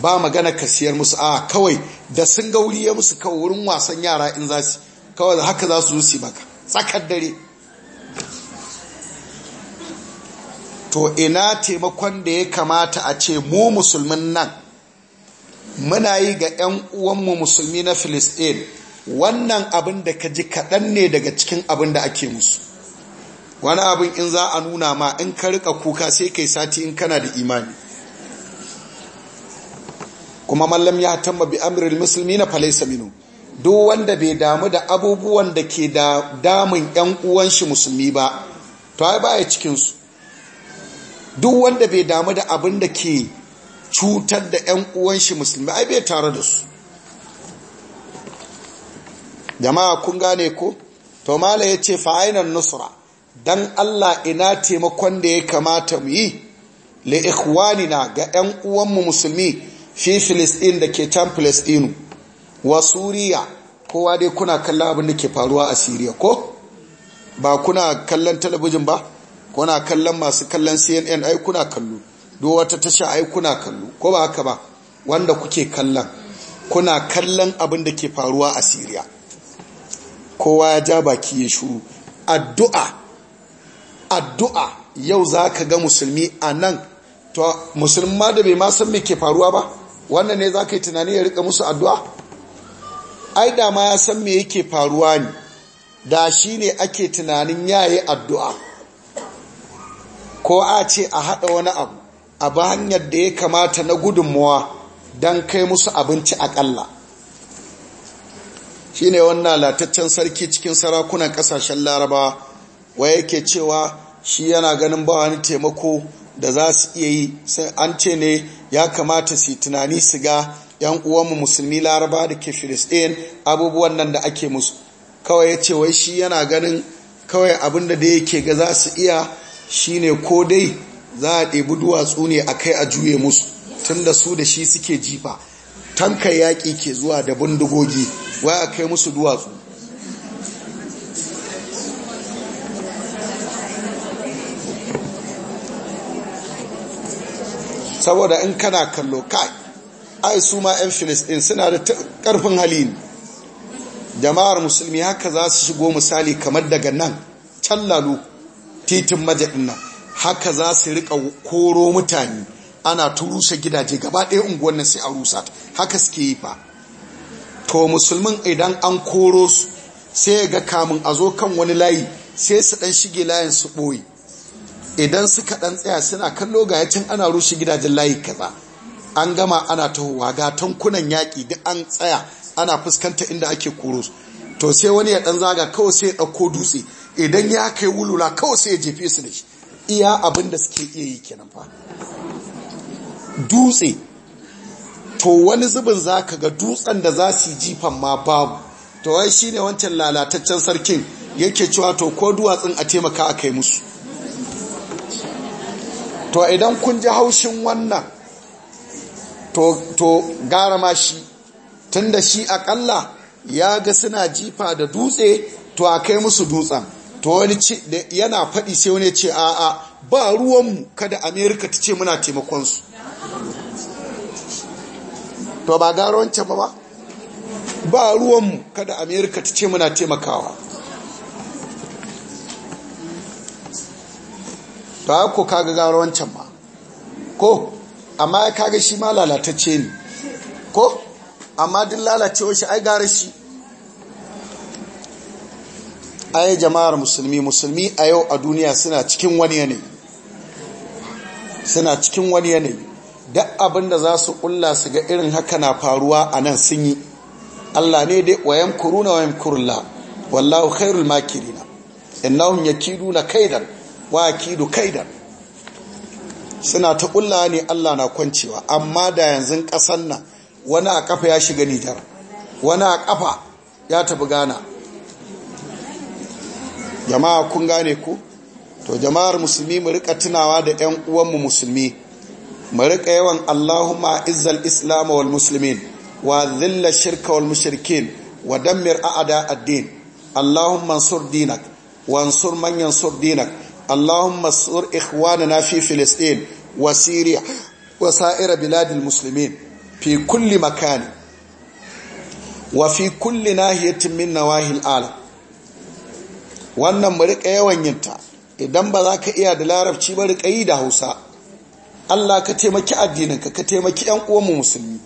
ba magana ka musu a kawai da sun gauri ya musu kawai wurin wasan yara in za su kawai haka za su zo su yi maka tsakar dare to ina taimakon da ya kamata a ce mu musulmin nan muna yi ga 'yan uwanmu musulmi na filistin wannan abin da ka ji kaɗan ne daga cikin abin da ake musu wani abin in za a nuna ma in ka rika kuka sai kai sati in kana da imani kuma mallam ya tamma bi amiril musulmi na falaisa minu duk wanda bai damu da abubuwan da ke da damun 'yan uwanshi musulmi ba to ai baya cikinsu duk wanda bai damu da abin da ke cutar da 'yan uwan shi musulmi ai bai tare da su jama'a kun gane ko to mala ya ce fa'ainar nusra don Allah ina taimakon da ya kamata mu yi li ga 'yan uwanmu musulmi fi filistin da ke can filistinu wa suriya kowa dai kuna kallon abin da ke faruwa a siriya ko ba kuna kallon talabijin ba kuna kallon masu kallon CNN ai kuna kallo duk wata tasha ai kuna kallo ko ba haka ba wanda kuke kallon kuna kallon abin da ke faruwa a Syria kowa ya ja baki ya shuru addu'a addu'a yau zaka ga musulmi anan to musulma da bai ma san me ke faruwa ba wannan ne zaka yi tunani ya rika musu addu'a ai da ma ya san me yake faruwa ne da shi shine ake tunanin yayi addu'a ko a ce a haɗa wani abu a ba hanyar da ya kamata na gudunmuwa don kai musu abinci aƙalla shi ne wannan lataccen sarki cikin sarakunan ƙasashen laraba wa yake cewa shi yana ganin ba wani taimako da za su iya yi sai an ce ne ya kamata su tunani su ga 'yan uwanmu musulmi laraba da ke filistin abubuwan nan da ake musu kawai ya ce wai shi yana ganin kawai abinda da yake ga za su iya shine ko dai za a ɗebi duwatsu ne a kai a juye musu tunda su da shi suke jifa tanka yaƙi ke zuwa da bindigogi wai a kai musu duwatsu saboda in kana kallo kai ai su ma 'yan filistin suna da ƙarfin hali jama'ar musulmi haka za su shigo misali kamar daga nan can lalu titin majaɗin nan haka za su rika koro mutane ana turusa gidaje gaba ɗaya unguwan nan sai a rusa haka suke yi fa to musulmin idan an koro su sai ga kamun a zo kan wani layi sai su dan shige layin su boye idan suka ɗan tsaya suna kallo ga yacin ana rushe gidajen layi kaza an gama ana tahowa ga tankunan yaƙi duk an tsaya ana fuskanta inda ake koro su to sai wani ya ɗan zaga kawai sai ya ɗauko dutse idan ya kai wulula kawai sai ya jefe su da shi iya abin da suke iya yi kenan fa dutse to wani zubin za ka ga dutsen da za su jifan ma babu to wai shi ne wancan lalataccen sarkin yake cewa to ko duwatsun a taimaka a kai musu to idan kun ji haushin wannan to gara ma shi tun da shi akalla ya ga suna jifa da dutse to a kai musu dutsen to wani yana faɗi sai wani ce a'a ba ruwanmu kada amerika ta ce muna taimakonsu to ba gara wancan ba ba ba ruwanmu kada amerika ta ce muna taimakawa ta ko kaga gara wancan ba ko amma ya kaga shi ma lalatacce ne ko amma duk lalacewa shi ai gara shi ai jama'ar musulmi musulmi a yau a duniya suna cikin wani yanayi suna cikin wani yanayi duk abin da za su kulla su ga irin haka na faruwa a nan sun yi Allah ne dai wayan na wayan kurulla wallahu khairul makirina innahum na kaidan wa kidu kaidan suna ta kulla ne Allah na kwancewa amma da yanzu kasan nan wani a kafa ya shiga Nijar wani a kafa ya tafi gana. jama'a kun gane ku to jama'ar musulmi mu rika tunawa da 'yan uwanmu musulmi mu rika yawan Allahumma izzal islam wal muslimin wa dhilla shirka wal mushrikin wa dammir a'da ad-din Allahumma ansur dinak wa ansur man yansur dinak Allahumma ansur ikhwanana fi filistin wa syria wa biladil muslimin fi kulli makani wa fi kulli nahiyatin min nawahil alam wannan mu rika yawan yinta idan ba za ka iya da larabci ba rika yi da hausa allah ka taimaki addininka ka taimaki yan mu musulmi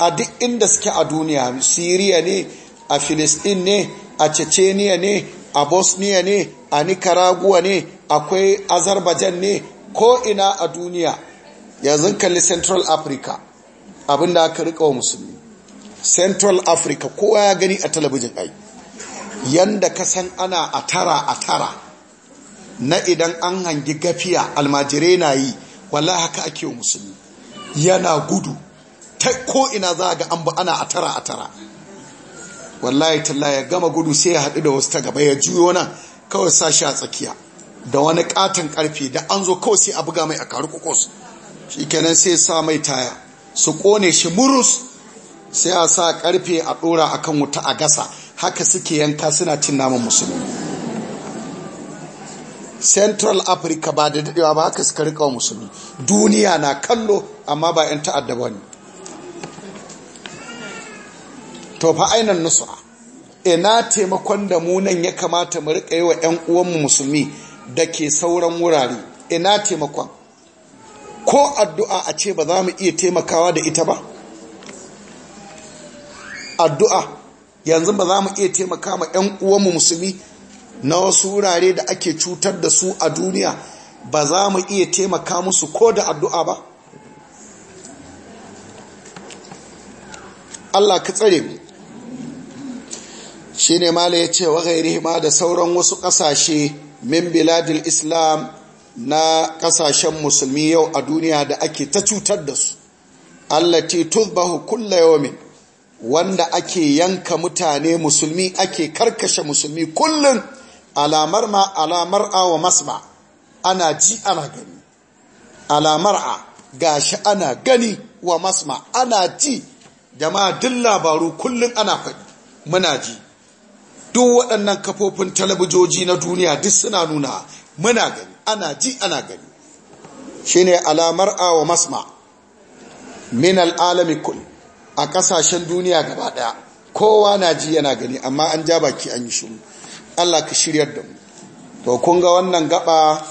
a duk inda suke a duniya siriya ne a filistin ne a ceceniya ne a bosnia ne a nicaragua ne akwai azerbaijan ne ko ina a duniya yanzu kalli central africa abinda aka rika wa musulmi central africa kowa ya gani a talabijin ai yanda ka san ana a tara a tara na idan an hangi gafiya almajirai na yi wala haka ake wa musulmi yana gudu ta ko'ina za ga an ba ana a tara a tara wallahi talla ya gama gudu sai ya haɗu da wasu ta gaba ya juyo nan kawai sa a tsakiya da wani katon karfe da an zo kawai sai a buga mai a karu kokos shi kenan sai sa mai taya su kone shi murus sai a sa karfe a ɗora akan wuta a gasa haka suke yanka suna cin naman musulmi central africa ba da daɗewa ba haka suka rika wa musulmi duniya na kallo amma ba 'yan ta'adda ba ne to fa ainihin nusra ina taimakon da mu nan ya kamata mu riƙa yi wa 'yan uwanmu musulmi da ke sauran wurare ina taimakon ko addu'a a ce ba za mu iya taimakawa da ita ba addu'a yanzu ba za mu iya taimaka ma 'yan uwanmu musulmi na wasu wurare da ake cutar da su a duniya ba za mu iya taimaka musu ko da addu'a ba Allah ka tsare mu shi ne mala ya ce wa gairi ma da sauran wasu ƙasashe min biladil islam na ƙasashen musulmi yau a duniya da ake ta cutar da su allati tuzbahu kulla yawmin wanda ake yanka mutane musulmi ake karkashe musulmi kullum alamar ma alamar a wa masma ana ji ana gani alamar a gashi ana gani wa masma ana ji jama'a duk labaru kullum ana faɗi muna ji duk waɗannan kafofin talabijoji na duniya duk suna nuna muna gani ana ji ana gani shine alamar a wa masma min al'alami kullum a kasashen duniya gaba daya kowa na ji yana gani amma an ja baki an yi shiru Allah ka shiryar da mu to kun ga wannan gaba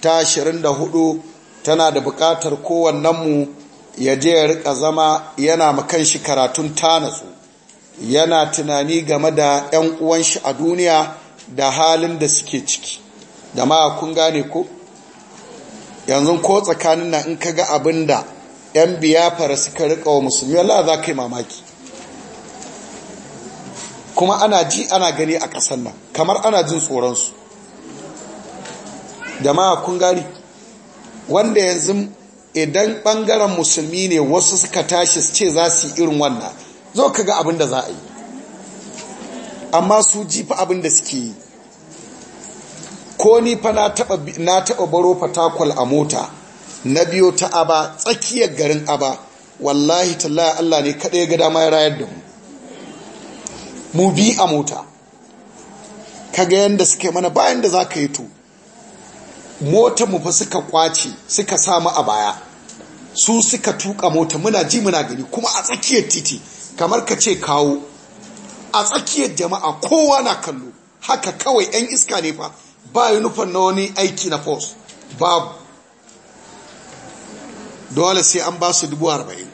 ta 24 tana da bukatar kowannen mu ya je ya rika zama yana makan shi karatun ta natsu. yana tunani game da 'yan uwan shi a duniya da halin da suke ciki da ma kun gane ko yanzu ko tsakanin na in kaga abin da 'yan biyafara suka rika wa musulmi Allah za ka yi mamaki kuma ana ji ana gani a ƙasar nan kamar ana jin tsoronsu jama'a kun gari wanda yanzu idan ɓangaren musulmi ne wasu suka tashi su ce za su yi irin wannan zo ka ga abin da za a yi amma su jifa abin da suke yi ko ni fa na taɓa baro fatakwal a mota na biyo ta aba tsakiyar garin aba wallahi tallaya Allah ne kaɗai ga dama ya rayar da mu mu bi a mota Ka kaga yadda suke mana bayan da za ka yi to mota mu fa suka kwace suka samu a baya su suka tuka mota muna ji muna gani kuma a tsakiyar titi kamar ka ce kawo a tsakiyar jama'a kowa na kallo haka kawai 'yan iska ne fa ba nufan na wani aiki na force babu dole sai an ba su dubu arba'in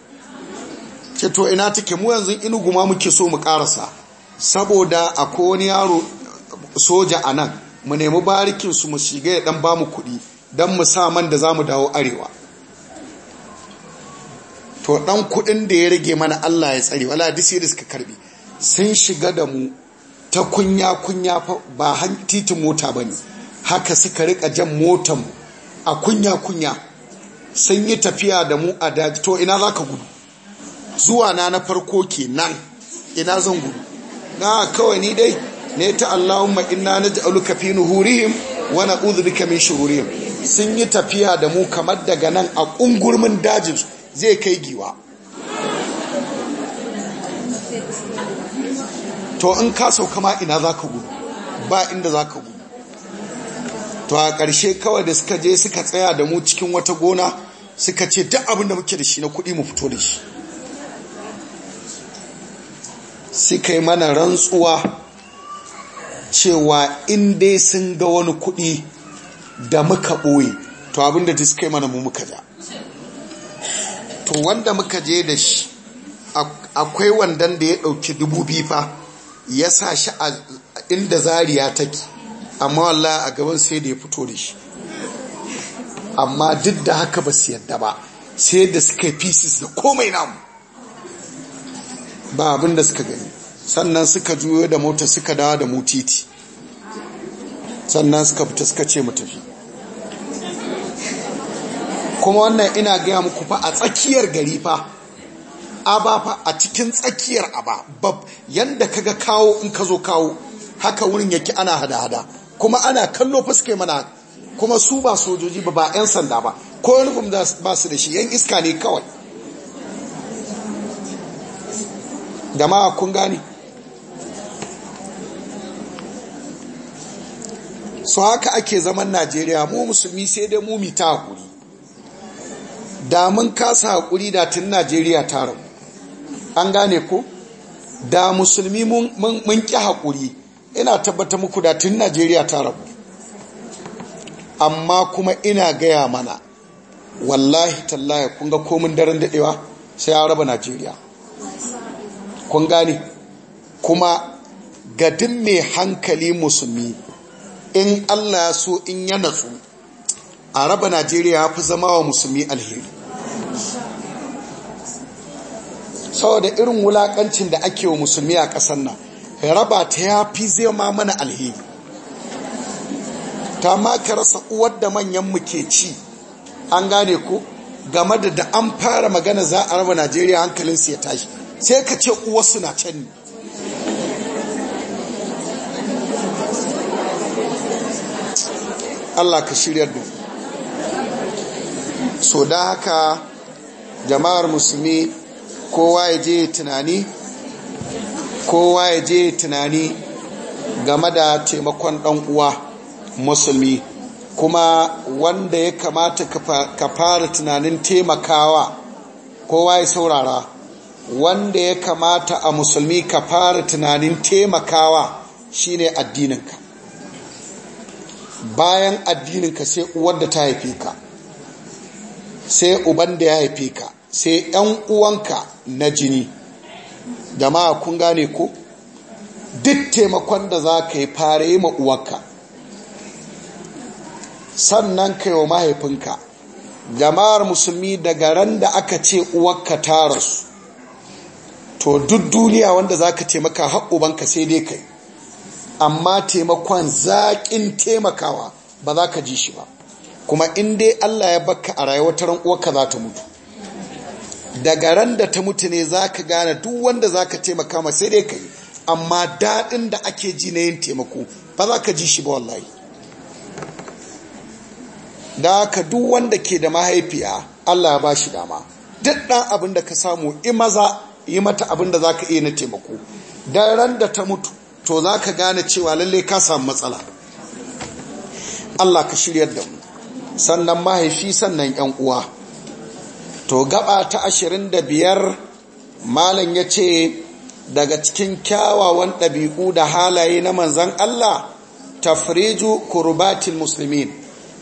ce to ina take mu yanzu inuguma guma muke so mu karasa saboda a wani yaro soja a nan mu nemi barikinsu mu shiga ya dan ba mu kuɗi don mu sa man da za mu dawo arewa to dan kudin da ya rage mana allah ya tsare wala disi da suka karbi sun shiga da mu ta kunya-kunya ba titin mota ba ne haka suka rika jan motan a kunya-kunya sun yi tafiya da mu a daji to ina za ka gudu zuwa na na farko ke nan, ina zan gudu na kawai ni dai ne ta Allahumma inna ka fi nuhurihim wa na'udhu duka min shururihim sun yi tafiya da mu kamar daga nan a kungurmin dajin zai kai giwa to in ka sauka ma ina za ka gudu ba inda za ka gudu to a ƙarshe kawai da suka je suka tsaya da mu cikin wata gona suka ce duk abin da muke da shi na kuɗi mu fito da shi suka yi mana rantsuwa cewa in dai sun ga wani kuɗi da muka ɓoye to abin da suka yi mana mu muka ja to wanda muka je da shi akwai wandan da ya ɗauki dubu biyu fa ya sa shi inda zariya take amma wallahi a gaban sai da ya fito da shi amma duk da haka ba su yadda ba sai da suka yi pieces da komai namu ba abin suka gani sannan suka juyo da mota suka dawa da mutiti sannan suka fita suka ce mu tafi kuma wannan ina gaya muku fa a tsakiyar gari fa aba fa a cikin tsakiyar aba bab yanda kaga kawo in ka zo kawo haka wurin yake ana hada-hada kuma ana kallo fuske mana kuma su ba sojoji ba ba 'yan sanda ba ko uniform ba su da shi 'yan iska ne kawai da ma kun gane su haka ake zaman najeriya mu musulmi sai dai mu mita hakuri da mun kasa hakuri da tun najeriya taron an gane ko da musulmi mun ƙi hakuri ina tabbata muku da tun najeriya ta rabu amma kuma ina gaya mana wallahi tallaya kun ga komin daren daɗewa sai ya raba najeriya kun gane kuma gadin mai hankali musulmi in allah so in ya natsu a raba najeriya ya fi zama wa musulmi alheri saboda irin wulakancin da ake wa musulmi a ƙasar nan raba ta ya fi zai ma mana alheri ta ma ka rasa uwar da manyan ke ci an gane ko game da da an fara magana za a raba najeriya hankalinsu ya tashi sai ka ce uwarsu na can ne allah ka shirya da so da haka jama'ar musulmi kowa ya je tunani kowa ya je tunani game da taimakon ɗan uwa musulmi kuma wanda ya kamata ka fara tunanin taimakawa kowa ya saurara wanda ya kamata a musulmi ka fara tunanin taimakawa shine addininka bayan addininka sai uwar ta haife ka sai uban da ya haife ka sai 'yan uwanka na jini jama'a kun gane ko duk taimakon da za ka yi fara yi ma'uwarka sannan ka yi wa mahaifinka jama'ar musulmi daga ran da aka ce uwarka ta rasu to duk duniya wanda za ka taimaka haƙubanka sai dai kai amma taimakon zaƙin taimakawa ba za ka ji shi ba kuma in dai allah ya baka a rayuwa rayuwar uwarka za ta mutu daga ran da ta mutu ne za ka gane duk wanda za ka taimaka ma sai dai ka amma daɗin da ake ji na yin taimako ba za ka ji shi ba wallahi da ka duk wanda ke da mahaifiya Allah ba shi dama duk ɗan abin da ka samu i maza yi mata abin da za ka iya na taimako da ran da ta mutu to za ka gane cewa lalle ka samu matsala Allah ka shiryar da mu sannan mahaifi sannan 'yan uwa to gaba ta ashirin da biyar malam ya ce daga cikin kyawawan ɗabi'u da halaye na manzan Allah tafriju kurbatin musulmin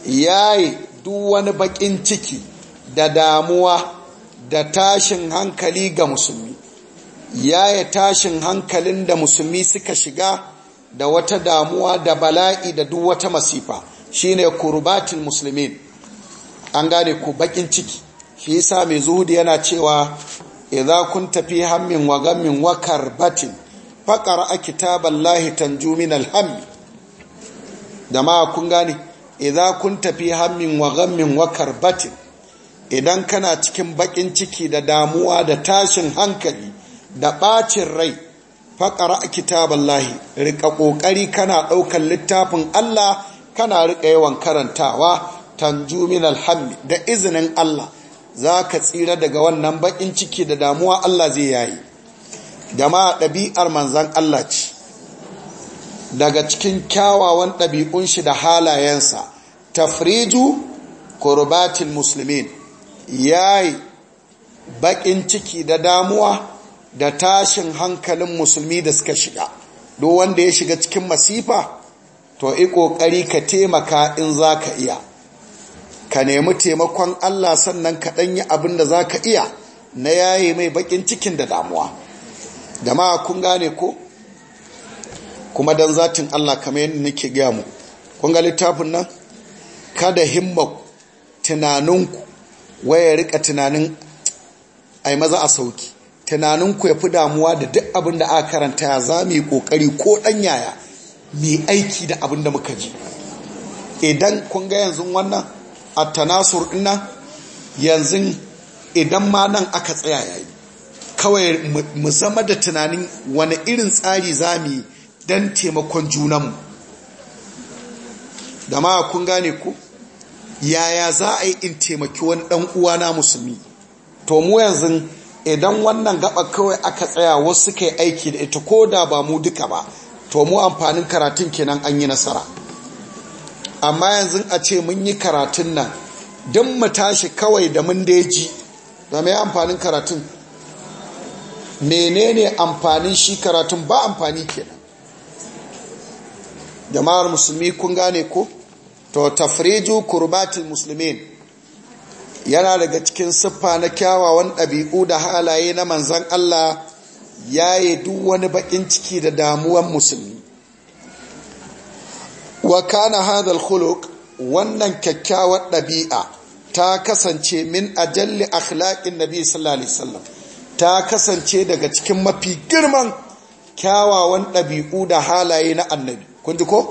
yayi duk wani bakin ciki da damuwa da tashin hankali ga musulmi yi tashin hankalin da musulmi suka shiga da wata damuwa da bala'i da duwata masifa shine kurbatin musulmin an gane ku bakin ciki shi yasa mai zuhudi yana cewa idza kunta fi hammin wa gammin wa karbatin faqra kitaballahi tanju min alham dama kun gane idza kunta fi hammin wa gammin wa karbatin idan kana cikin bakin ciki da damuwa da tashin hankali da bacin rai faƙara kitaballahi rika ƙoƙari kana ɗaukar littafin Allah kana rika yawan karantawa tanju min alhammi da izinin Allah za ka tsira daga wannan baƙin ciki da damuwa Allah zai yayi Jama'a ɗabi'ar manzan Allah ce daga cikin kyawawan ɗabi'un shi da halayensa tafriju kurbatin musulmin yayi baƙin ciki da damuwa da tashin hankalin musulmi da suka shiga duk wanda ya shiga cikin masifa to i ƙoƙari ka taimaka in za ka iya ka nemi taimakon Allah sannan ka ɗanyi abin da za ka iya na yaye mai bakin cikin da damuwa da ma kun gane ko kuma don zatin Allah kama yadda nake gaya mu kun ga littafin nan kada himma tunaninku waya rika tunanin ai maza a sauki tunaninku ya fi damuwa da duk abin da aka karanta ya za mu yi kokari ko ɗan yaya mai aiki da abin da muka ji idan kun ga yanzu wannan a tanasur ina yanzu idan ma nan aka tsaya yayi kawai mu zama da tunanin wani irin tsari zami don taimakon mu, da ma kun gane ku yaya za a yi in taimaki wani ɗan uwana musulmi to mu yanzu idan wannan gaba kawai aka tsaya wasu kai aiki da ita ko da ba mu duka ba to mu amfanin karatun kenan an yi nasara amma yanzu a ce mun yi karatun nan don mu tashi kawai da mun daji da mai amfanin karatun menene amfanin shi karatun ba amfani kenan jama'ar musulmi kun gane ko to tafriju kurbatin musulmi. yana daga cikin siffa na kyawawan ɗabi'u da halaye na manzan Allah ya yi duk wani baƙin ciki da damuwan musulmi wa kana hadha al-khuluq wannan kyakkyawar ɗabi'a ta kasance min ajalli akhlaqin nabi sallallahu alaihi wasallam ta kasance daga cikin mafi girman kyawawan ɗabi'u da halaye na annabi kun ji ko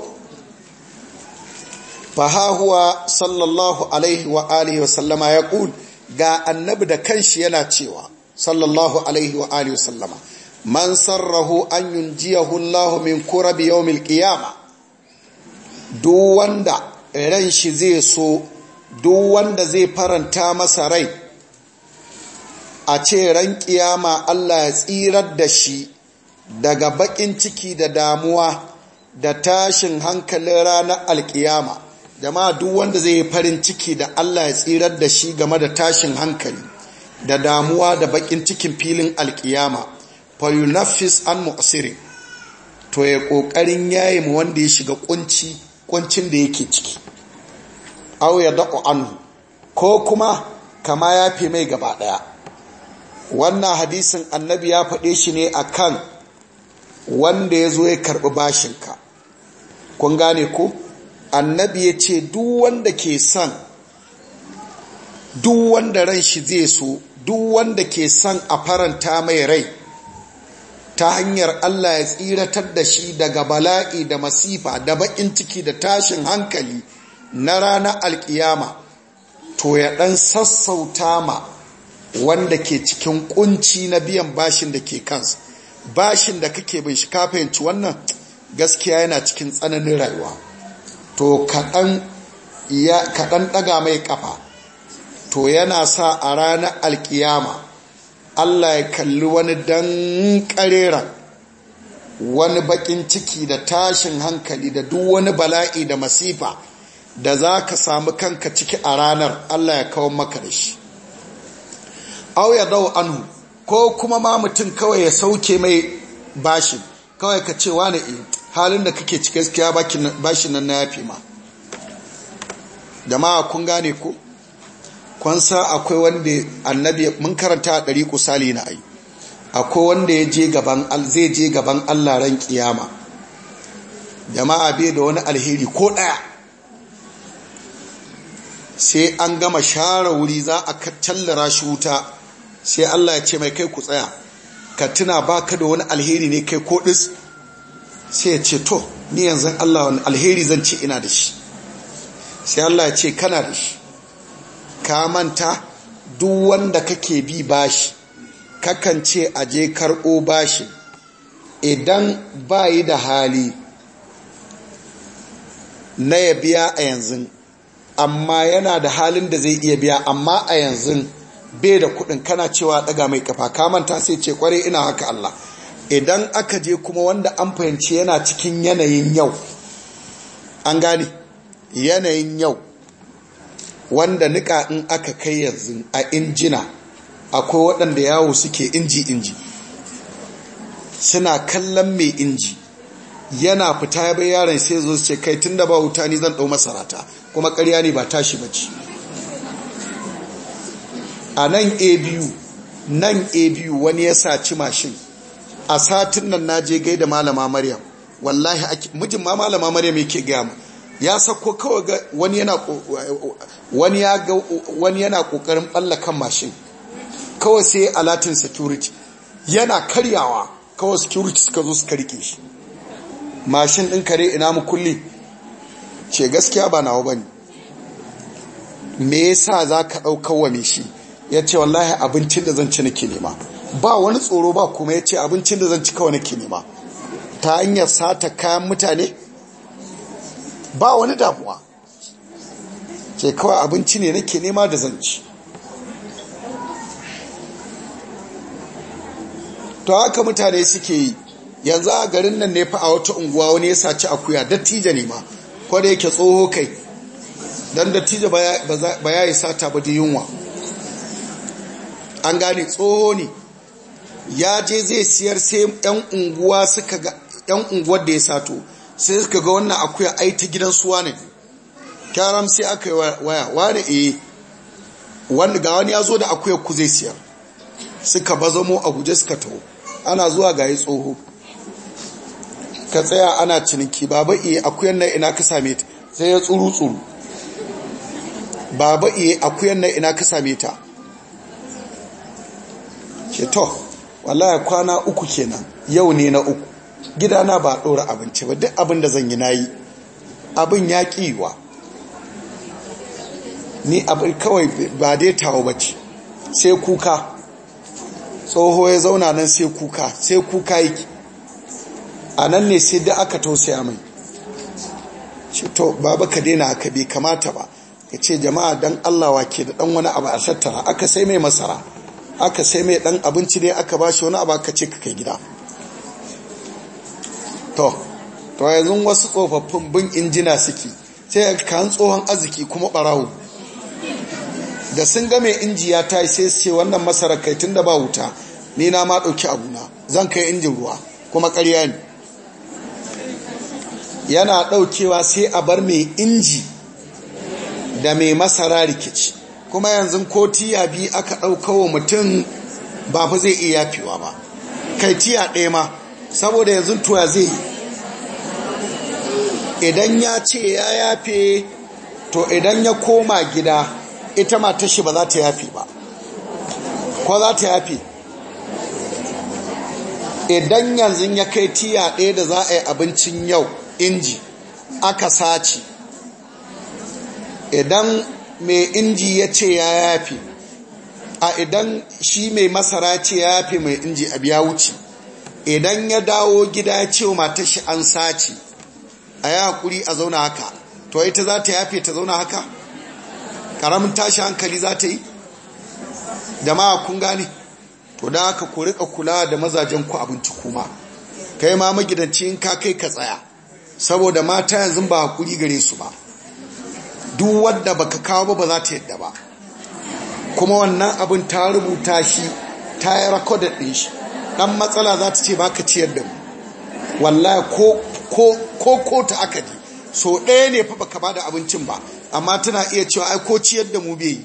fahahuwa sallallahu alaihi wa alihi wasallama ya ƙun ga annabi da kanshi yana cewa sallallahu alaihi wa alihi wasallama man sarrahu an yunjiyahu Allah min kurabi yawmil qiyama duk wanda ran shi zai so duk wanda zai faranta masa rai a ce ran kiyama Allah ya tsirar da shi daga bakin ciki da damuwa da tashin hankalin ranar alkiyama jama'a duk wanda zai yi farin ciki da Allah ya tsirar da shi game da tashin hankali da damuwa da bakin cikin filin alkiyama falyunafis an mu'asiri to ya kokarin yayi mu wanda ya shiga kunci kwancin da yake ciki au ya da'u anhu ko kuma kama ya fi mai gaba daya wannan hadisin annabi ya faɗe shi ne a kan wanda ya zo ya karɓi bashinka kun gane ku annabi ya ce duk wanda ke son duk wanda ran shi zai so duk wanda ke son a faranta mai rai ta hanyar Allah ya tsiratar da shi daga bala'i da masifa da baƙin ciki da tashin hankali na ranar alkiyama to ya ɗan sassauta ma wanda ke cikin kunci na biyan bashin da ke kansa bashin da kake bai shi kafinci wannan gaskiya yana cikin tsananin rayuwa to kaɗan ɗaga mai ƙafa to yana sa a ranar alkiyama Allah ya kalli wani dan karera wani bakin ciki da tashin hankali da duk wani bala'i da masifa da za ka samu kanka ciki a ranar Allah ya kawo maka da shi au ya dau anhu ko kuma ma mutum kawai ya sauke mai bashin kawai ka ce wani eh, halin da kake cikin gaskiya bashi nan na yafi ma jama'a kun gane ko kwan kwansa akwai wanda annabi mun karanta a ɗari kusali na ai akwai wanda ya je gaban zai je gaban Allah ran kiyama jama'a bai da wani alheri ko ɗaya sai an gama share wuri za a kacallara shi wuta sai Allah ya ce mai kai ku tsaya ka tuna ba ka da wani alheri ne kai ko ɗis sai ya ce to ni yanzu Allah wani alheri zan ce ina da shi sai Allah ya ce kana da shi ka manta duk wanda kake bi bashi kakan ce a je karɓo bashi idan bayi da hali na ya biya a yanzu amma yana da halin da zai iya biya amma a yanzu bai da kuɗin kana cewa daga mai kafa ka manta sai ce kware ina haka Allah idan aka je kuma wanda an fahimci yana cikin yanayin yau an gane yanayin yau wanda nika in aka kai yanzu a injina akwai waɗanda yawo suke inji-inji suna kallon mai inji yana fita ya bai yaron sai zo su ce kai tun da ba wuta ni zan ɗau masarata kuma karya ne ba tashi ba ci a nan a biyu nan a biyu wani ya saci mashin a satin nan na je gaida malama maryam wallahi mijin ma malama maryam yake gaya ya sako kawai ga wani yana wani ya ga wani yana kokarin kan mashin kawai sai alatin security yana karyawa kawai security suka zo suka rike shi mashin din kare ina mu kulli ce gaskiya ba nawa bane me yasa zaka dauka wa me shi ce wallahi abincin da zan ci nake nema ba wani tsoro ba kuma ya ce abincin da zan ci kawai nake nema ta hanyar sata kayan mutane ba wani damuwa Ke kawai abinci ne nake nema da zanci to haka mutane suke yi yanzu a garin nan ne fa a wata unguwa wani ya saci akuya dattijo ne ma ko da yake tsoho kai Don dattijo ba ya yi sata ba da yunwa an gane tsoho ne ya je zai siyar sai yan unguwa unguwar da ya sato sai suka ga wannan akuya ai ta gidan suwa ne karam sai aka yi waya wani eh wani ga wani ya zo da akuya ku zai siyar suka bazamo a guje suka taho ana zuwa ga yi tsoho ka tsaya ana ciniki baba iya eh, akuyan na ina ka same ta sai ya tsuru tsuru baba iya eh, akuyan na ina ka same ta ke to wallahi kwana uku kenan yau ne na uku gidana ba ɗora abinci ba duk abin da zan yi na yi abin ya wa ni abin kawai ba dai tawo ba ce sai kuka tsoho ya zauna nan sai kuka sai kuka yake a nan ne sai da aka tausaya mai ce to baba ka daina haka bai kamata ba ya ce jama'a dan Allah wake da dan wani abu a tattara aka sai mai masara aka sai mai dan abinci ne aka ba shi wani abu aka ce ka kai gida to to yanzu wasu tsofaffin bin injina suke sai ka kan tsohon arziki kuma barawo da sun ga mai inji ya yi sai su ce wannan masarar kai tun da ba wuta ni na ma ɗauki abuna zan kai injin ruwa kuma karya ne yana ɗaukewa sai a bar mai inji da mai masara rikici kuma yanzu ko tiya biyu aka ɗaukawa mutum ba fa zai iya yafewa ba kai tiya ɗaya ma saboda yanzu tuwa zai yi idan ya ce ya yafe to idan ya koma gida ita matar shi ba za ta yafe ba ko za ta yafe idan yanzu ya kai tiya ɗaya da za a yi abincin yau inji aka saci idan mai inji ya ce ya yafe a idan shi mai masara ce ya yafe mai inji abu ya wuce idan ya dawo gida ya ce matar shi an sace a yi hakuri a zauna haka to ita za ta yafe ta zauna haka karamin tashi hankali za ta yi jama'a kun gane to da haka ku riƙa kula da mazajen ku abinci kuma kai ma magidanci in ka kai ka tsaya saboda mata yanzu ba hakuri gare su ba duk wanda baka kawo ba ba za ta yadda ba kuma wannan abin ta rubuta shi ta yi rakodin ɗin shi dan matsala za ta ce ba ka ciyar da mu wallahi ko ko ta aka ji so ɗaya ne fa baka da abincin ba amma tana iya cewa ai ko ciyar da mu bai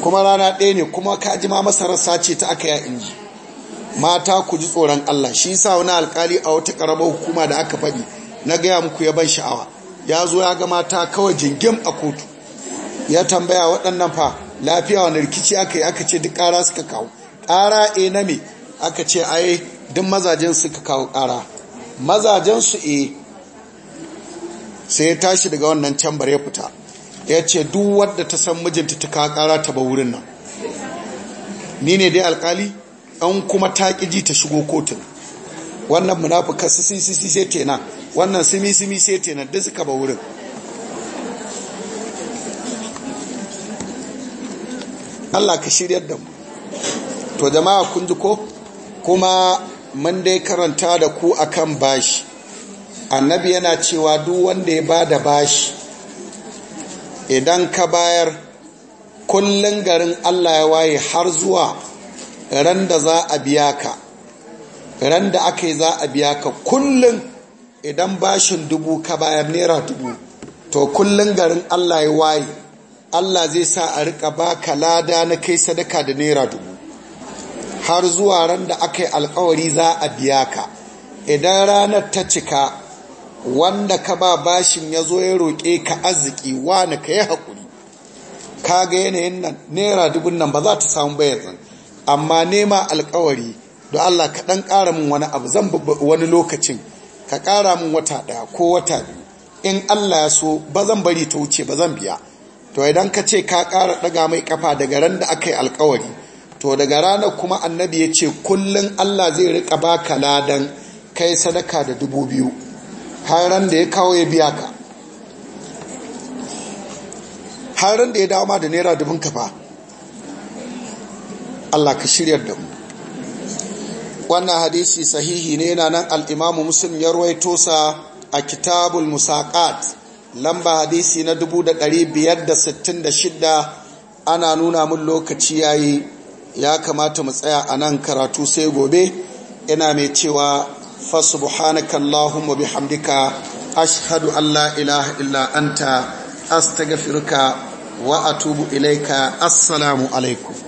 kuma rana ɗaya ne kuma ka ji ma masarar ce ta aka ya inji mata ku ji tsoron Allah shi sa wani alkali a wata karamar hukuma da aka faɗi na gaya muku ya ban sha'awa ya zo ya ga mata kawai jingim a kotu ya tambaya waɗannan fa lafiya wani rikici aka yi aka ce duk ƙara suka kawo ƙara e na me aka ce ai duk mazajen suka kawo ƙara mazajen su e sai ya tashi daga wannan cambar ya fita ya ce duk wadda ta san mijinta ta kawo ƙara ta ba wurin nan ni ne dai alkali an kuma ta ji ta shigo kotun wannan munafuka sisi sai tena wannan simi simi sai tena duk suka ba wurin Allah ka shiryar da mu to jama'a kun ji ko kuma mun dai karanta da ku akan bashi annabi yana cewa duk wanda ya bada bashi idan ka bayar kullun garin Allah ya waye har zuwa ran da za a biya ka ran da aka yi za a biya ka kullun idan bashin dubu ka bayar naira dubu to kullun garin Allah ya waye Allah zai sa a rika baka lada na kai sadaka da naira dubu har zuwa ran da aka yi alkawari za a biya ka idan ranar ta cika wanda ka ba bashin ya zo ya roƙe ka arziki wani ka yi haƙuri ka ga yanayin nan naira dubun nan ba za ta samu ba yanzu amma nema alkawari don Allah ka ɗan ƙara min wani abu zan wani lokacin ka ƙara min wata ɗaya ko wata biyu in Allah ya so ba zan bari ta wuce ba zan biya to idan ka ce ka ƙara ɗaga mai ƙafa daga ran da aka yi alkawari to daga ranar kuma annabi ya ce kullum Allah zai rika baka ladan kai sadaka da dubu biyu haran da ya kawo ya biya ka haran da ya dawo ma da naira dubin ka fa Allah ka shiryar da mu wannan hadisi sahihi ne yana nan al'imamu muslim ya ruwaito sa a kitabul musaqat lamba hadisi na 566 ana nuna mun lokaci yayi ya kamata mu tsaya a nan karatu sai gobe ina mai cewa fa subhanaka allahumma bihamdika ashhadu an la ilaha illa anta astaghfiruka wa atubu ilaika assalamu alaikum